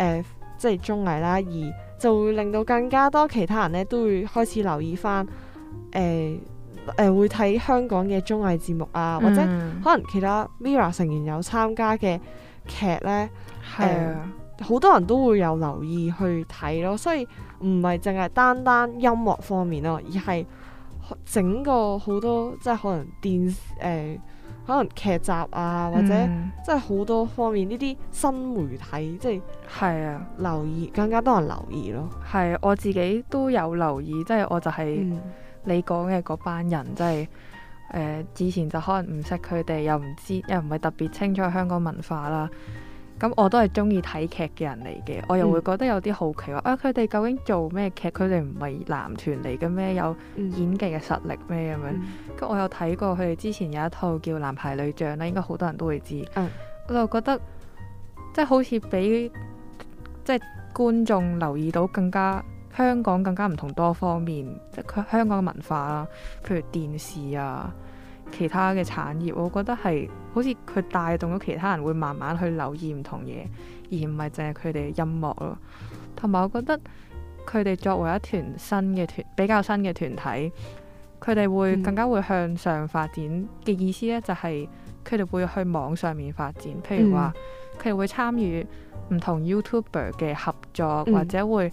誒、呃，即係綜藝啦，而就會令到更加多其他人咧都會開始留意翻，誒、呃、誒、呃呃、會睇香港嘅綜藝節目啊，嗯、或者可能其他 Mirror 成員有參加嘅劇咧，係好、啊呃、多人都會有留意去睇咯，所以唔係淨係單單音樂方面咯，而係整個好多即係可能電視誒，呃可能劇集啊，或者、嗯、即係好多方面呢啲新媒體，即係係啊，留意更加多人留意咯。係，我自己都有留意，即、就、係、係、我就係你講嘅嗰班人，即係誒以前就可能唔識佢哋，又唔知又唔係特別清楚香港文化啦。咁我都係中意睇劇嘅人嚟嘅，我又會覺得有啲好奇話、嗯、啊，佢哋究竟做咩劇？佢哋唔係男團嚟嘅咩？有演技嘅實力咩咁、嗯、樣？咁我有睇過佢哋之前有一套叫《男排女將》啦，應該好多人都會知。嗯、我就覺得，即、就、係、是、好似俾即係觀眾留意到更加香港更加唔同多方面，即、就、佢、是、香港嘅文化啦、啊，譬如電視啊。其他嘅產業，我覺得係好似佢帶動咗其他人會慢慢去留意唔同嘢，而唔係淨係佢哋嘅音樂咯。同埋我覺得佢哋作為一團新嘅團比較新嘅團體，佢哋會更加會向上發展嘅、嗯、意思咧，就係佢哋會去網上面發展，譬如話佢哋會參與唔同 YouTuber 嘅合作，嗯、或者會。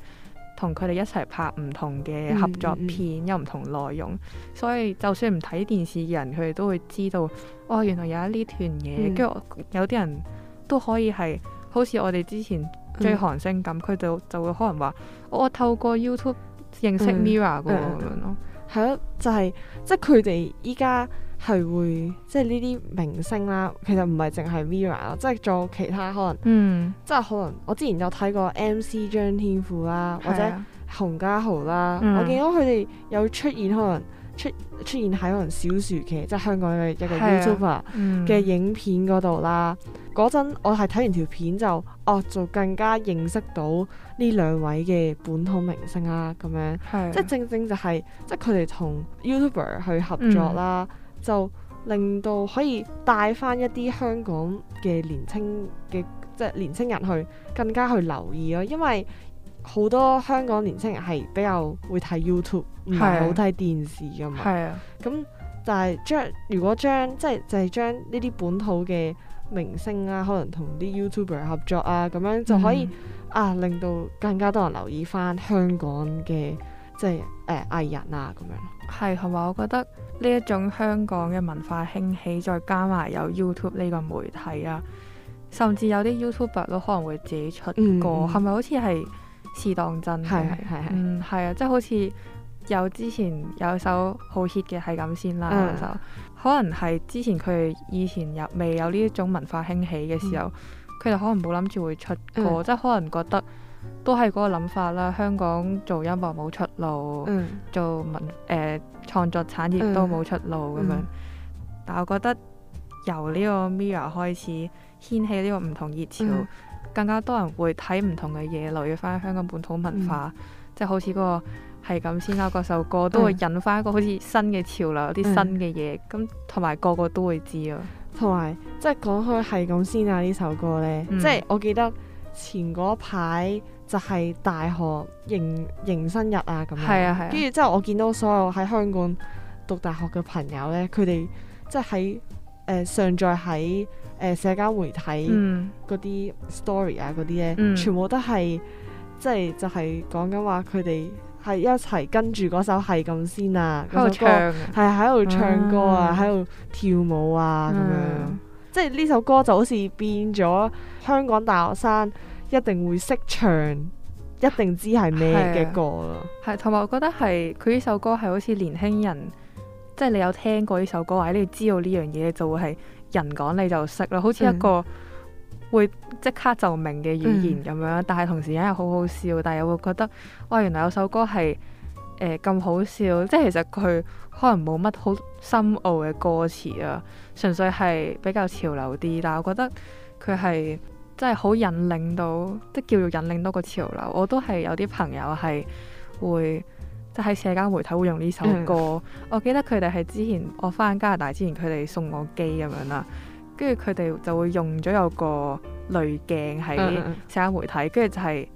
同佢哋一齊拍唔同嘅合作片，嗯、有唔同內容，嗯嗯、所以就算唔睇電視嘅人，佢哋都會知道，哇、哦！原來有一呢條嘢，跟住、嗯、有啲人都可以係好似我哋之前追韓星咁，佢、嗯、就就會可能話、哦、我透過 YouTube 認識 Mirror 咁、嗯、樣咯，係咯、mm.，就係即係佢哋依家。就是就是係會即係呢啲明星啦，其實唔係淨係 Mirror 咯，即係做其他可能，嗯、即係可能我之前有睇過 MC 張天賦啦，啊、或者洪家豪啦，嗯、我見到佢哋有出現可能出出現喺可能小薯茄，即係香港嘅一個 YouTuber 嘅、啊、影片嗰度啦。嗰陣、嗯、我係睇完條片就，哦，就更加認識到呢兩位嘅本土明星啦。咁樣、啊、即係正，正正就係、是、即係佢哋同 YouTuber 去合作啦。嗯就令到可以帶翻一啲香港嘅年青嘅即係年青人去更加去留意咯、哦，因為好多香港年青人係比較會睇 YouTube，唔係好睇電視㗎嘛。係啊，咁、啊、但係將如果將即係就係將呢啲本土嘅明星啊，可能同啲 YouTuber 合作啊，咁樣就可以、嗯、啊，令到更加多人留意翻香港嘅。即係誒藝人啊咁樣，係同埋我覺得呢一種香港嘅文化興起，再加埋有 YouTube 呢個媒體啊，甚至有啲 YouTuber 都可能會自己出歌，係咪、嗯、好似係是當真？係係係，嗯係啊，即係、就是、好似有之前有首好 hit 嘅係咁先啦，就、嗯、可能係之前佢以前有未有呢一種文化興起嘅時候，佢哋、嗯、可能冇諗住會出歌，嗯、即係可能覺得。都係嗰個諗法啦，香港做音樂冇出路，做文誒創作產業都冇出路咁樣。但我覺得由呢個 Mirror 開始掀起呢個唔同熱潮，更加多人會睇唔同嘅嘢，留意翻香港本土文化，即係好似嗰個係咁先啦嗰首歌，都會引翻一個好似新嘅潮流，啲新嘅嘢，咁同埋個個都會知啊。同埋即係講開係咁先啊。呢首歌呢，即係我記得。前嗰排就係大學迎迎新日啊，咁樣。係啊係啊。跟住之後，就係、我見到所有喺香港讀大學嘅朋友咧，佢哋即係喺誒上載喺誒社交媒體嗰啲、嗯、story 啊嗰啲咧，嗯、全部都係即係就係講緊話佢哋係一齊跟住嗰首系咁先啊，嗰個歌係喺度唱歌啊，喺度、嗯、跳舞啊咁樣。嗯即係呢首歌就好似變咗香港大學生一定會識唱，一定知係咩嘅歌咯。係、啊，同埋我覺得係佢呢首歌係好似年輕人，即係你有聽過呢首歌，或者你知道呢樣嘢，就會係人講你就識啦。好似一個會即刻就明嘅語言咁樣。嗯、但係同時一樣好好笑，但係又會覺得哇，原來有首歌係。誒咁、呃、好笑，即係其實佢可能冇乜好深奧嘅歌詞啊，純粹係比較潮流啲。但係我覺得佢係真係好引領到，即叫做引領到個潮流。我都係有啲朋友係會即係喺社交媒體會用呢首歌。 我記得佢哋係之前我返加拿大之前，佢哋送我機咁樣啦，跟住佢哋就會用咗有個濾鏡喺社交媒體，跟住 就係、係。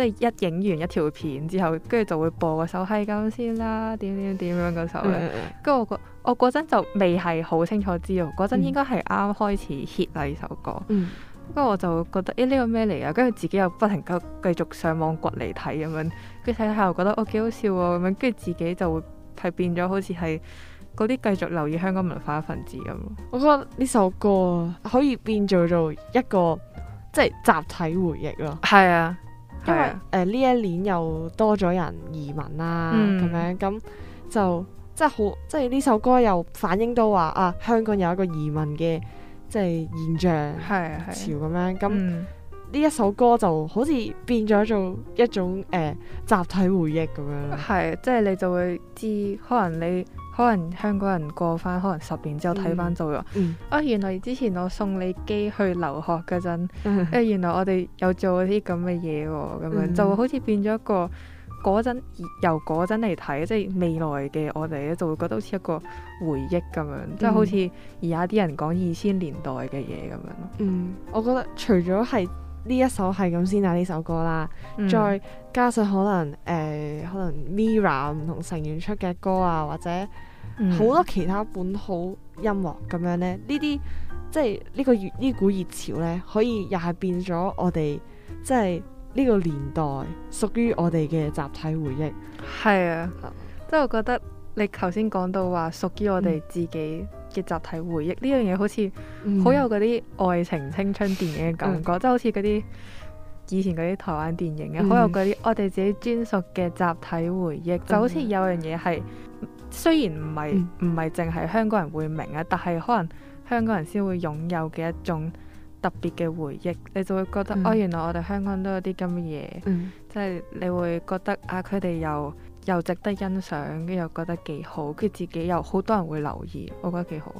即係一影完一條片之後，跟住就會播個首係咁先啦。點點點樣嗰首咧？跟住、mm hmm. 我覺，我嗰陣就未係好清楚知道嗰陣應該係啱開始 hit 啦。呢首歌，跟住、mm hmm. 我就覺得誒呢個咩嚟啊？跟、欸、住自己又不停咁繼續上網掘嚟睇咁樣，跟住睇睇下又覺得哦幾好笑喎咁樣，跟住自己就會係變咗好似係嗰啲繼續留意香港文化嘅分子咁。我覺得呢首歌可以變做做一個即係、就是、集體回憶咯，係啊。因為誒呢、呃、一年又多咗人移民啦，咁、嗯、樣咁就即係好，即係呢首歌又反映到話啊，香港有一個移民嘅即係現象潮咁樣，咁呢是、嗯、一首歌就好似變咗做一種誒、呃、集體回憶咁樣啦。係，即係你就會知可能你。可能香港人過翻可能十年之後睇翻做咗啊，原來之前我送你機去留學嗰陣，誒 原來我哋有做啲咁嘅嘢喎，咁樣、嗯、就會好似變咗一個嗰陣由嗰陣嚟睇，即、就、係、是、未來嘅我哋咧，就會覺得好似一個回憶咁樣，即係、嗯、好似而家啲人講二千年代嘅嘢咁樣咯。嗯，我覺得除咗係呢一首係咁先啊，呢首歌啦，嗯、再加上可能誒、呃，可能 Mirror 唔同成員出嘅歌啊，或者～好、嗯、多其他本土音樂咁樣呢，呢啲即係呢個熱呢股熱潮呢，可以又係變咗我哋即係呢個年代屬於我哋嘅集體回憶。係啊，即係我覺得你頭先講到話屬於我哋自己嘅集體回憶呢樣嘢，嗯、好似好有嗰啲愛情青春電影嘅感覺，即係、嗯、好似嗰啲以前嗰啲台灣電影啊，好、嗯、有嗰啲我哋自己專屬嘅集體回憶，就好似有樣嘢係。雖然唔係唔係淨係香港人會明啊，但係可能香港人先會擁有嘅一種特別嘅回憶，你就會覺得、嗯、哦，原來我哋香港都有啲咁嘅嘢，嗯、即係你會覺得啊，佢哋又又值得欣賞，跟住又覺得幾好，跟住自己又好多人會留意，我覺得幾好。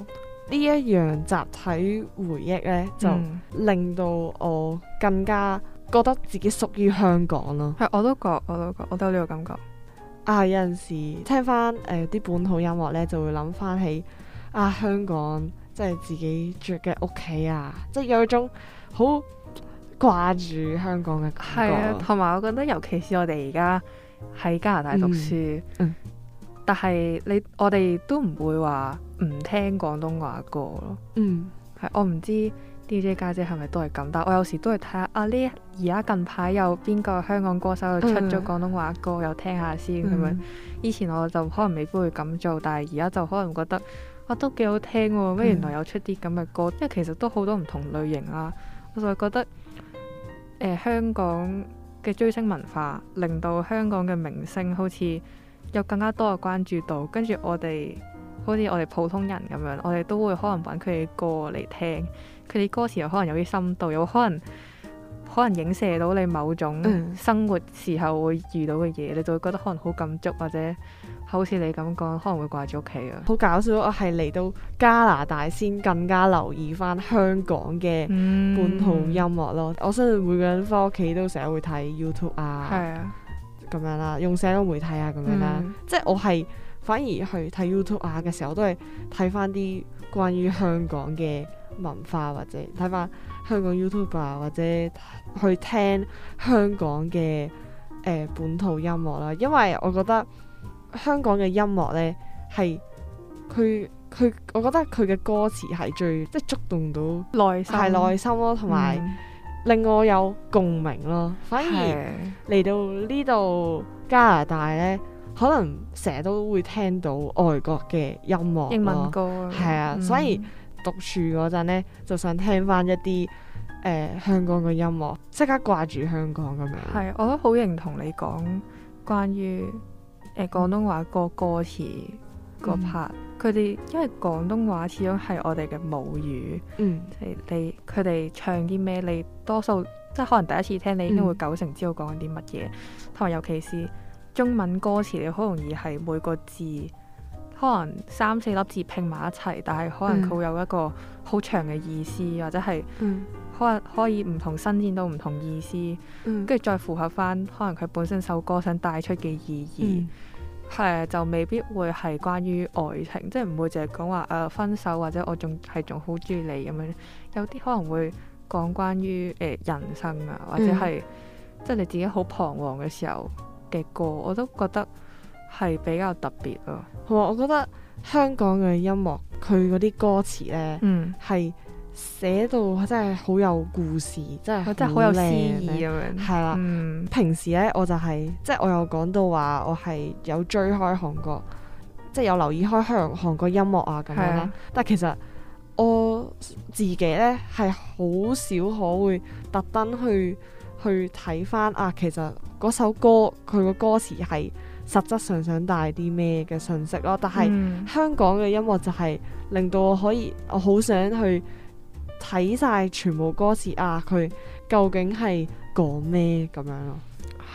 呢一樣集體回憶呢，就、嗯、令到我更加覺得自己屬於香港咯。係，我都覺，我都覺得，我都有呢個感覺。啊！有陣時聽翻誒啲本土音樂咧，就會諗翻起啊香港，即係自己住嘅屋企啊，即係有一種好掛住香港嘅感覺。係啊，同埋我覺得，尤其是我哋而家喺加拿大讀書，嗯嗯，但係你我哋都唔會話唔聽廣東話歌咯。嗯，係，我唔知。D.J. 家姐係咪都係咁？但係我有時都係睇下啊！呢而家近排有邊個香港歌手又出咗廣東話歌，mm hmm. 又聽下先咁樣。以前我就可能未必會咁做，但係而家就可能覺得啊，都幾好聽喎！咩原來有出啲咁嘅歌，mm hmm. 因為其實都好多唔同類型啦。我就係覺得誒、呃、香港嘅追星文化令到香港嘅明星好似有更加多嘅關注度，跟住我哋好似我哋普通人咁樣，我哋都會可能揾佢嘅歌嚟聽。佢啲歌詞又可能有啲深度，有可能可能影射到你某種生活時候會遇到嘅嘢，嗯、你就會覺得可能好感觸或者好似你咁講，可能會掛住屋企啊！好搞笑啊！我係嚟到加拿大先更加留意翻香港嘅本土音樂咯。嗯、我相信每個人翻屋企都成日會睇 YouTube 啊，啊，咁樣啦、啊，用社交媒體啊，咁樣啦、啊，嗯、即係我係。反而去睇 YouTube 嘅時候，都係睇翻啲關於香港嘅文化，或者睇翻香港 YouTube 啊，或者去聽香港嘅誒、呃、本土音樂啦。因為我覺得香港嘅音樂呢，係佢佢，我覺得佢嘅歌詞係最即係觸動到內心，係內心咯，同埋、嗯、令我有共鳴咯。反而嚟到呢度是加拿大呢。可能成日都會聽到外國嘅音樂，英文歌，係啊，嗯、所以讀書嗰陣咧，就想聽翻一啲誒、呃、香港嘅音樂，即刻掛住香港咁樣。係，我都好認同你講關於誒、呃、廣東話個歌詞嗰 part。佢哋、嗯、因為廣東話始終係我哋嘅母語，嗯，即係你佢哋唱啲咩，你多數即係可能第一次聽，你已經會九成知道講緊啲乜嘢，同埋、嗯、尤其是。中文歌詞你好容易係每個字可能三四粒字拼埋一齊，但係可能佢會有一個好長嘅意思，嗯、或者係可能可以唔同新鮮到唔同意思，跟住、嗯、再符合翻可能佢本身首歌想帶出嘅意義係、嗯呃、就未必會係關於愛情，嗯、即係唔會淨係講話誒分手或者我仲係仲好中意你咁樣。有啲可能會講關於誒、呃、人生啊，或者係、嗯、即係你自己好彷徨嘅時候。嘅歌我都覺得係比較特別咯，同埋我覺得香港嘅音樂佢嗰啲歌詞呢，嗯，係寫到真係好有故事，嗯、真係真係好有詩意咁樣。係啦、嗯啊，平時呢，我就係、是、即係我有講到話我係有追開韓國，即係有留意開韓韓國音樂啊咁樣啦。啊、但係其實我自己呢，係好少可會特登去。去睇翻啊，其實嗰首歌佢個歌詞係實質上想帶啲咩嘅信息咯。但係香港嘅音樂就係令到我可以，我好想去睇晒全部歌詞啊，佢究竟係講咩咁樣咯？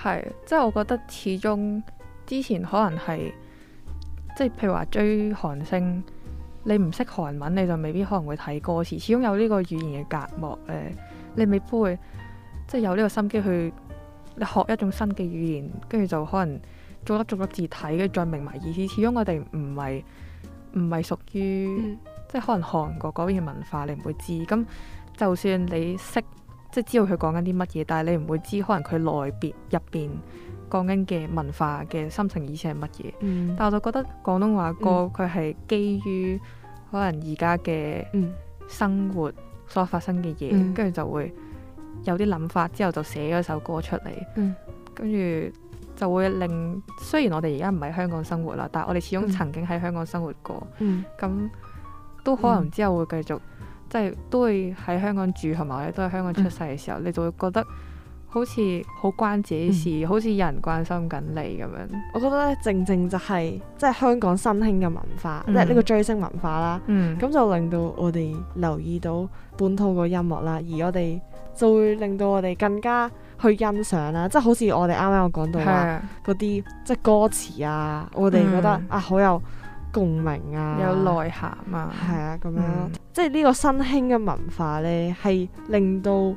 係，即係我覺得始終之前可能係即係譬如話追韓星，你唔識韓文你就未必可能會睇歌詞，始終有呢個語言嘅隔膜誒，你未必會。即係有呢個心機去學一種新嘅語言，跟住就可能逐粒逐粒字睇，跟住再明埋意思。始終我哋唔係唔係屬於、嗯、即係可能韓國嗰邊嘅文化，你唔會知。咁就算你識即係知道佢講緊啲乜嘢，但係你唔會知可能佢內邊入邊講緊嘅文化嘅心情意思係乜嘢。嗯、但係我就覺得廣東話歌，佢係、嗯、基於可能而家嘅生活所發生嘅嘢，跟住、嗯嗯、就會。有啲諗法之後就寫咗首歌出嚟，跟住、嗯、就會令雖然我哋而家唔喺香港生活啦，但係我哋始終曾經喺香港生活過，咁、嗯、都可能之後會繼續，嗯、即係都會喺香港住，同埋我哋都喺香港出世嘅時候，嗯、你就會覺得好似好關自己事，嗯、好似有人關心緊你咁樣。我覺得咧，正正就係、是、即係香港新興嘅文化，嗯、即係呢個追星文化啦，咁、嗯嗯、就令到我哋留意到。本土嘅音樂啦，而我哋就會令到我哋更加去欣賞啦，即係好似我哋啱啱我講到嗰啲、啊、即係歌詞啊，我哋覺得、嗯、啊好有共鳴啊，有內涵啊，係啊咁樣，嗯、即係呢個新興嘅文化呢，係令到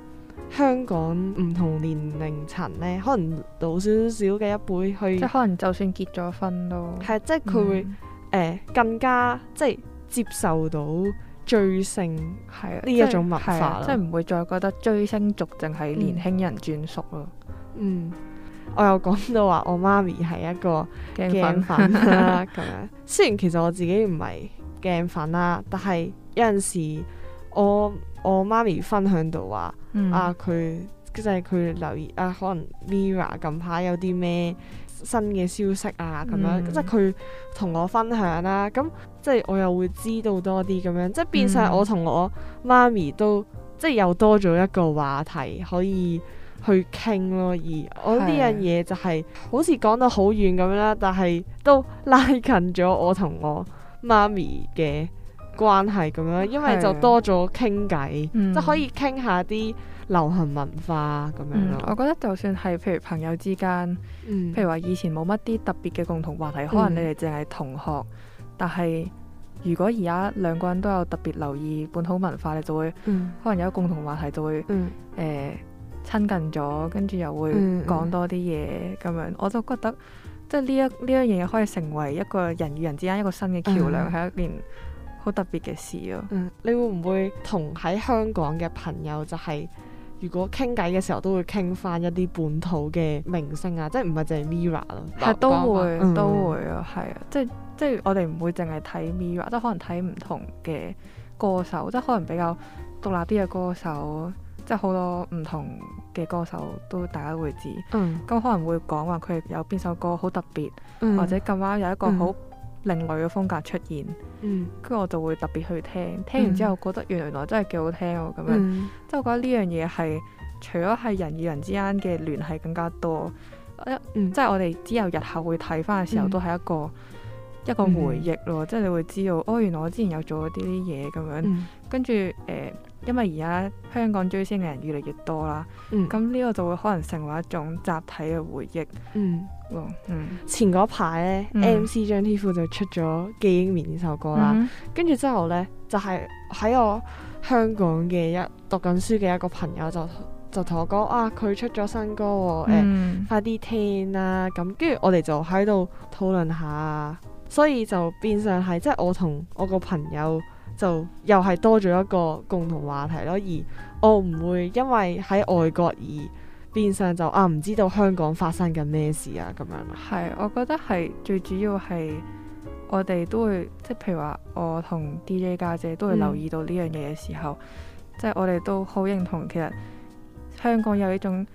香港唔同年齡層呢，可能老少少嘅一輩去，即係可能就算結咗婚都係、啊、即係佢會誒、嗯呃、更加即係接受到。追星係啊，呢一種文化，即係唔會再覺得追星族淨係年輕人專屬咯。嗯，嗯我又講到話我媽咪係一個鏡粉啦鏡粉， 咁樣，雖然其實我自己唔係鏡粉啦，但係有陣時我我媽咪分享到話、嗯、啊，佢即係佢留意啊，可能 Mirror 近排有啲咩。新嘅消息啊，咁樣、嗯、即係佢同我分享啦、啊，咁即係我又會知道多啲咁樣，即係變晒我同我媽咪都、嗯、即係又多咗一個話題可以去傾咯，而我呢樣嘢就係好似講到好遠咁樣啦，但係都拉近咗我同我媽咪嘅關係咁樣，因為就多咗傾偈，嗯、即係可以傾下啲。流行文化咁樣咯，我覺得就算係譬如朋友之間，譬如話以前冇乜啲特別嘅共同話題，可能你哋淨係同學，但係如果而家兩個人都有特別留意本土文化，你就會可能有共同話題，就會誒親近咗，跟住又會講多啲嘢咁樣。我就覺得即係呢一呢樣嘢可以成為一個人與人之間一個新嘅橋梁，係一件好特別嘅事咯。你會唔會同喺香港嘅朋友就係？如果傾偈嘅時候都會傾翻一啲本土嘅明星啊，即係唔係淨係 Mirror 咯，係都會、嗯、都會啊，係啊，即係即係我哋唔會淨係睇 Mirror，即係可能睇唔同嘅歌手，即係可能比較獨立啲嘅歌手，即係好多唔同嘅歌手都大家都會知，咁、嗯、可能會講話佢有邊首歌好特別，嗯、或者咁啱有一個好。另類嘅風格出現，跟住、嗯、我就會特別去聽，聽完之後覺得原來真係幾好聽喎，咁樣、嗯、即係我覺得呢樣嘢係除咗係人與人之間嘅聯繫更加多，嗯、即係我哋之後日後會睇翻嘅時候都係一個，嗯一個回憶咯，嗯、即係你會知道哦。原來我之前有做嗰啲啲嘢咁樣，嗯、跟住誒、呃，因為而家香港追星嘅人越嚟越多啦，咁呢、嗯、個就會可能成為一種集體嘅回憶咯。嗯嗯、前嗰排咧，M.C. 張天 f 就出咗《記憶棉》呢首歌啦，跟住、嗯、之後呢，就係、是、喺我香港嘅一讀緊書嘅一個朋友就就同我講啊，佢出咗新歌喎，欸嗯、快啲聽啦咁。跟住我哋就喺度討論下。所以就變相係即係我同我個朋友就又係多咗一個共同話題咯，而我唔會因為喺外國而變相就啊唔知道香港發生緊咩事啊咁樣。係，我覺得係最主要係我哋都會即係譬如話我同 DJ 家姐、姐都會留意到呢、嗯、樣嘢嘅時候，即係我哋都好認同其實香港有呢種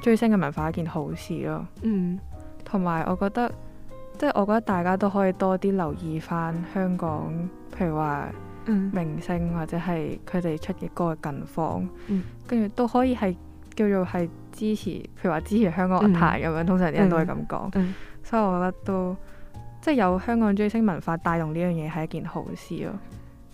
追星嘅文化係一件好事咯。嗯，同埋我覺得。即係、 就是、我覺得大家都可以多啲留意翻香港，嗯、譬如話明星或者係佢哋出嘅歌嘅近況，跟住都可以係叫做係支持，譬如話支持香港樂壇咁樣。通常啲人都會咁講，嗯嗯嗯、所以我覺得都即係、就是、有香港追星文化帶動呢樣嘢係一件好事咯。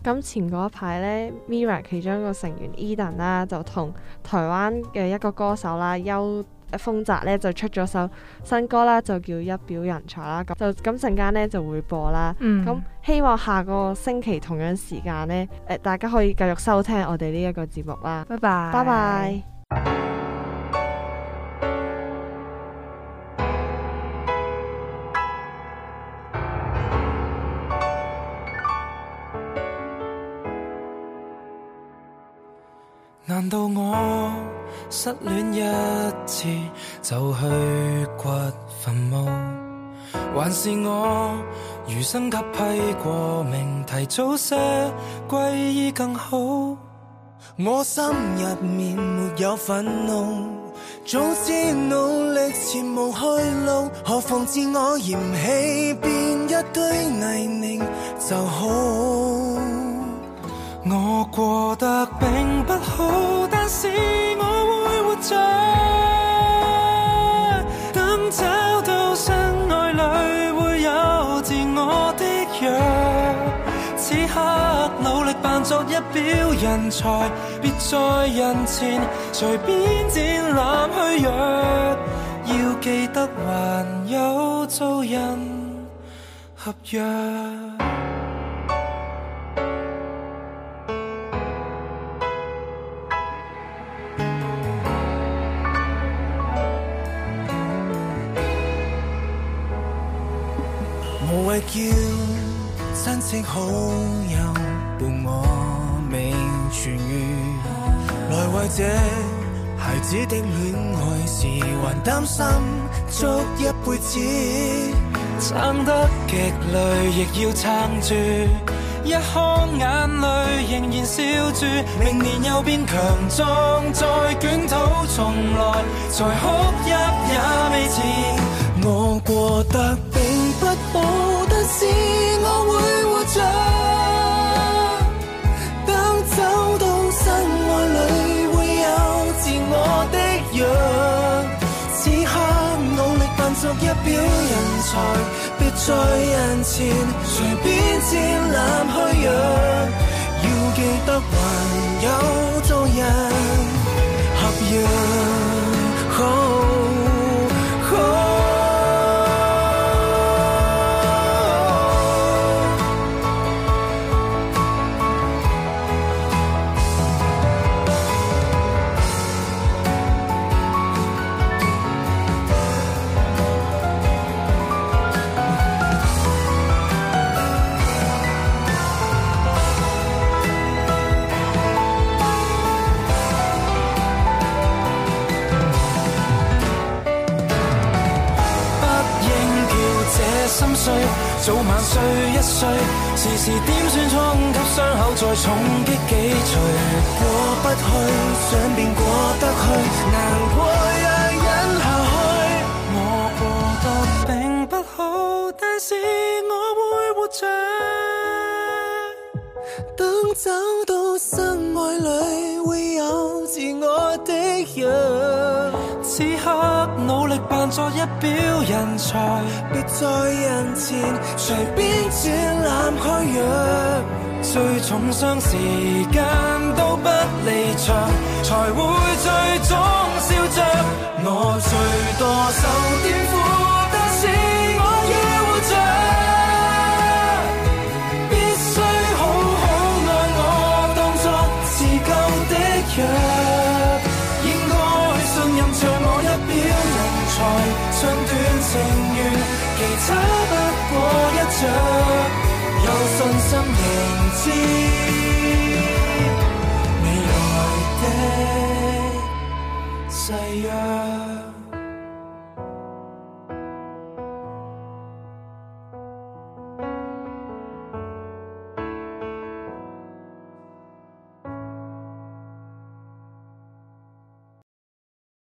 咁、嗯嗯、前嗰排咧 Mirror 其中一個成員 Edan 啦、啊，就同台灣嘅一個歌手啦、啊，優。豐澤咧就出咗首新歌啦，就叫《一表人才》啦，咁就咁陣間咧就會播啦。咁、嗯、希望下個星期同樣時間呢，誒、呃、大家可以繼續收聽我哋呢一個節目啦。拜拜，拜拜 bye。失戀一次就去掘墳墓，還是我餘生給批過命題早些皈依更好？ 我心入面沒有憤怒，早知努力前無去路，何妨自我嫌棄變一堆泥濘就好？ 我過得並不好，但是我。等找到新愛侶會有自我的藥，此刻努力扮作一表人才，別在人前隨便展覽虛弱，要記得還有做人合約。為叫親戚好友伴我未痊癒，啊啊、來為這孩子的戀愛事還擔心足一輩子，撐得極累亦要撐住，一腔眼淚仍然笑住，明年又變強壯，再捲土重來，才哭泣也未遲。我過得並不好。是我會活着，等走到新愛裏會有自我的樣。此刻努力扮作一表人才，別在人前隨便展覽虛弱。要記得還有做人合。合約。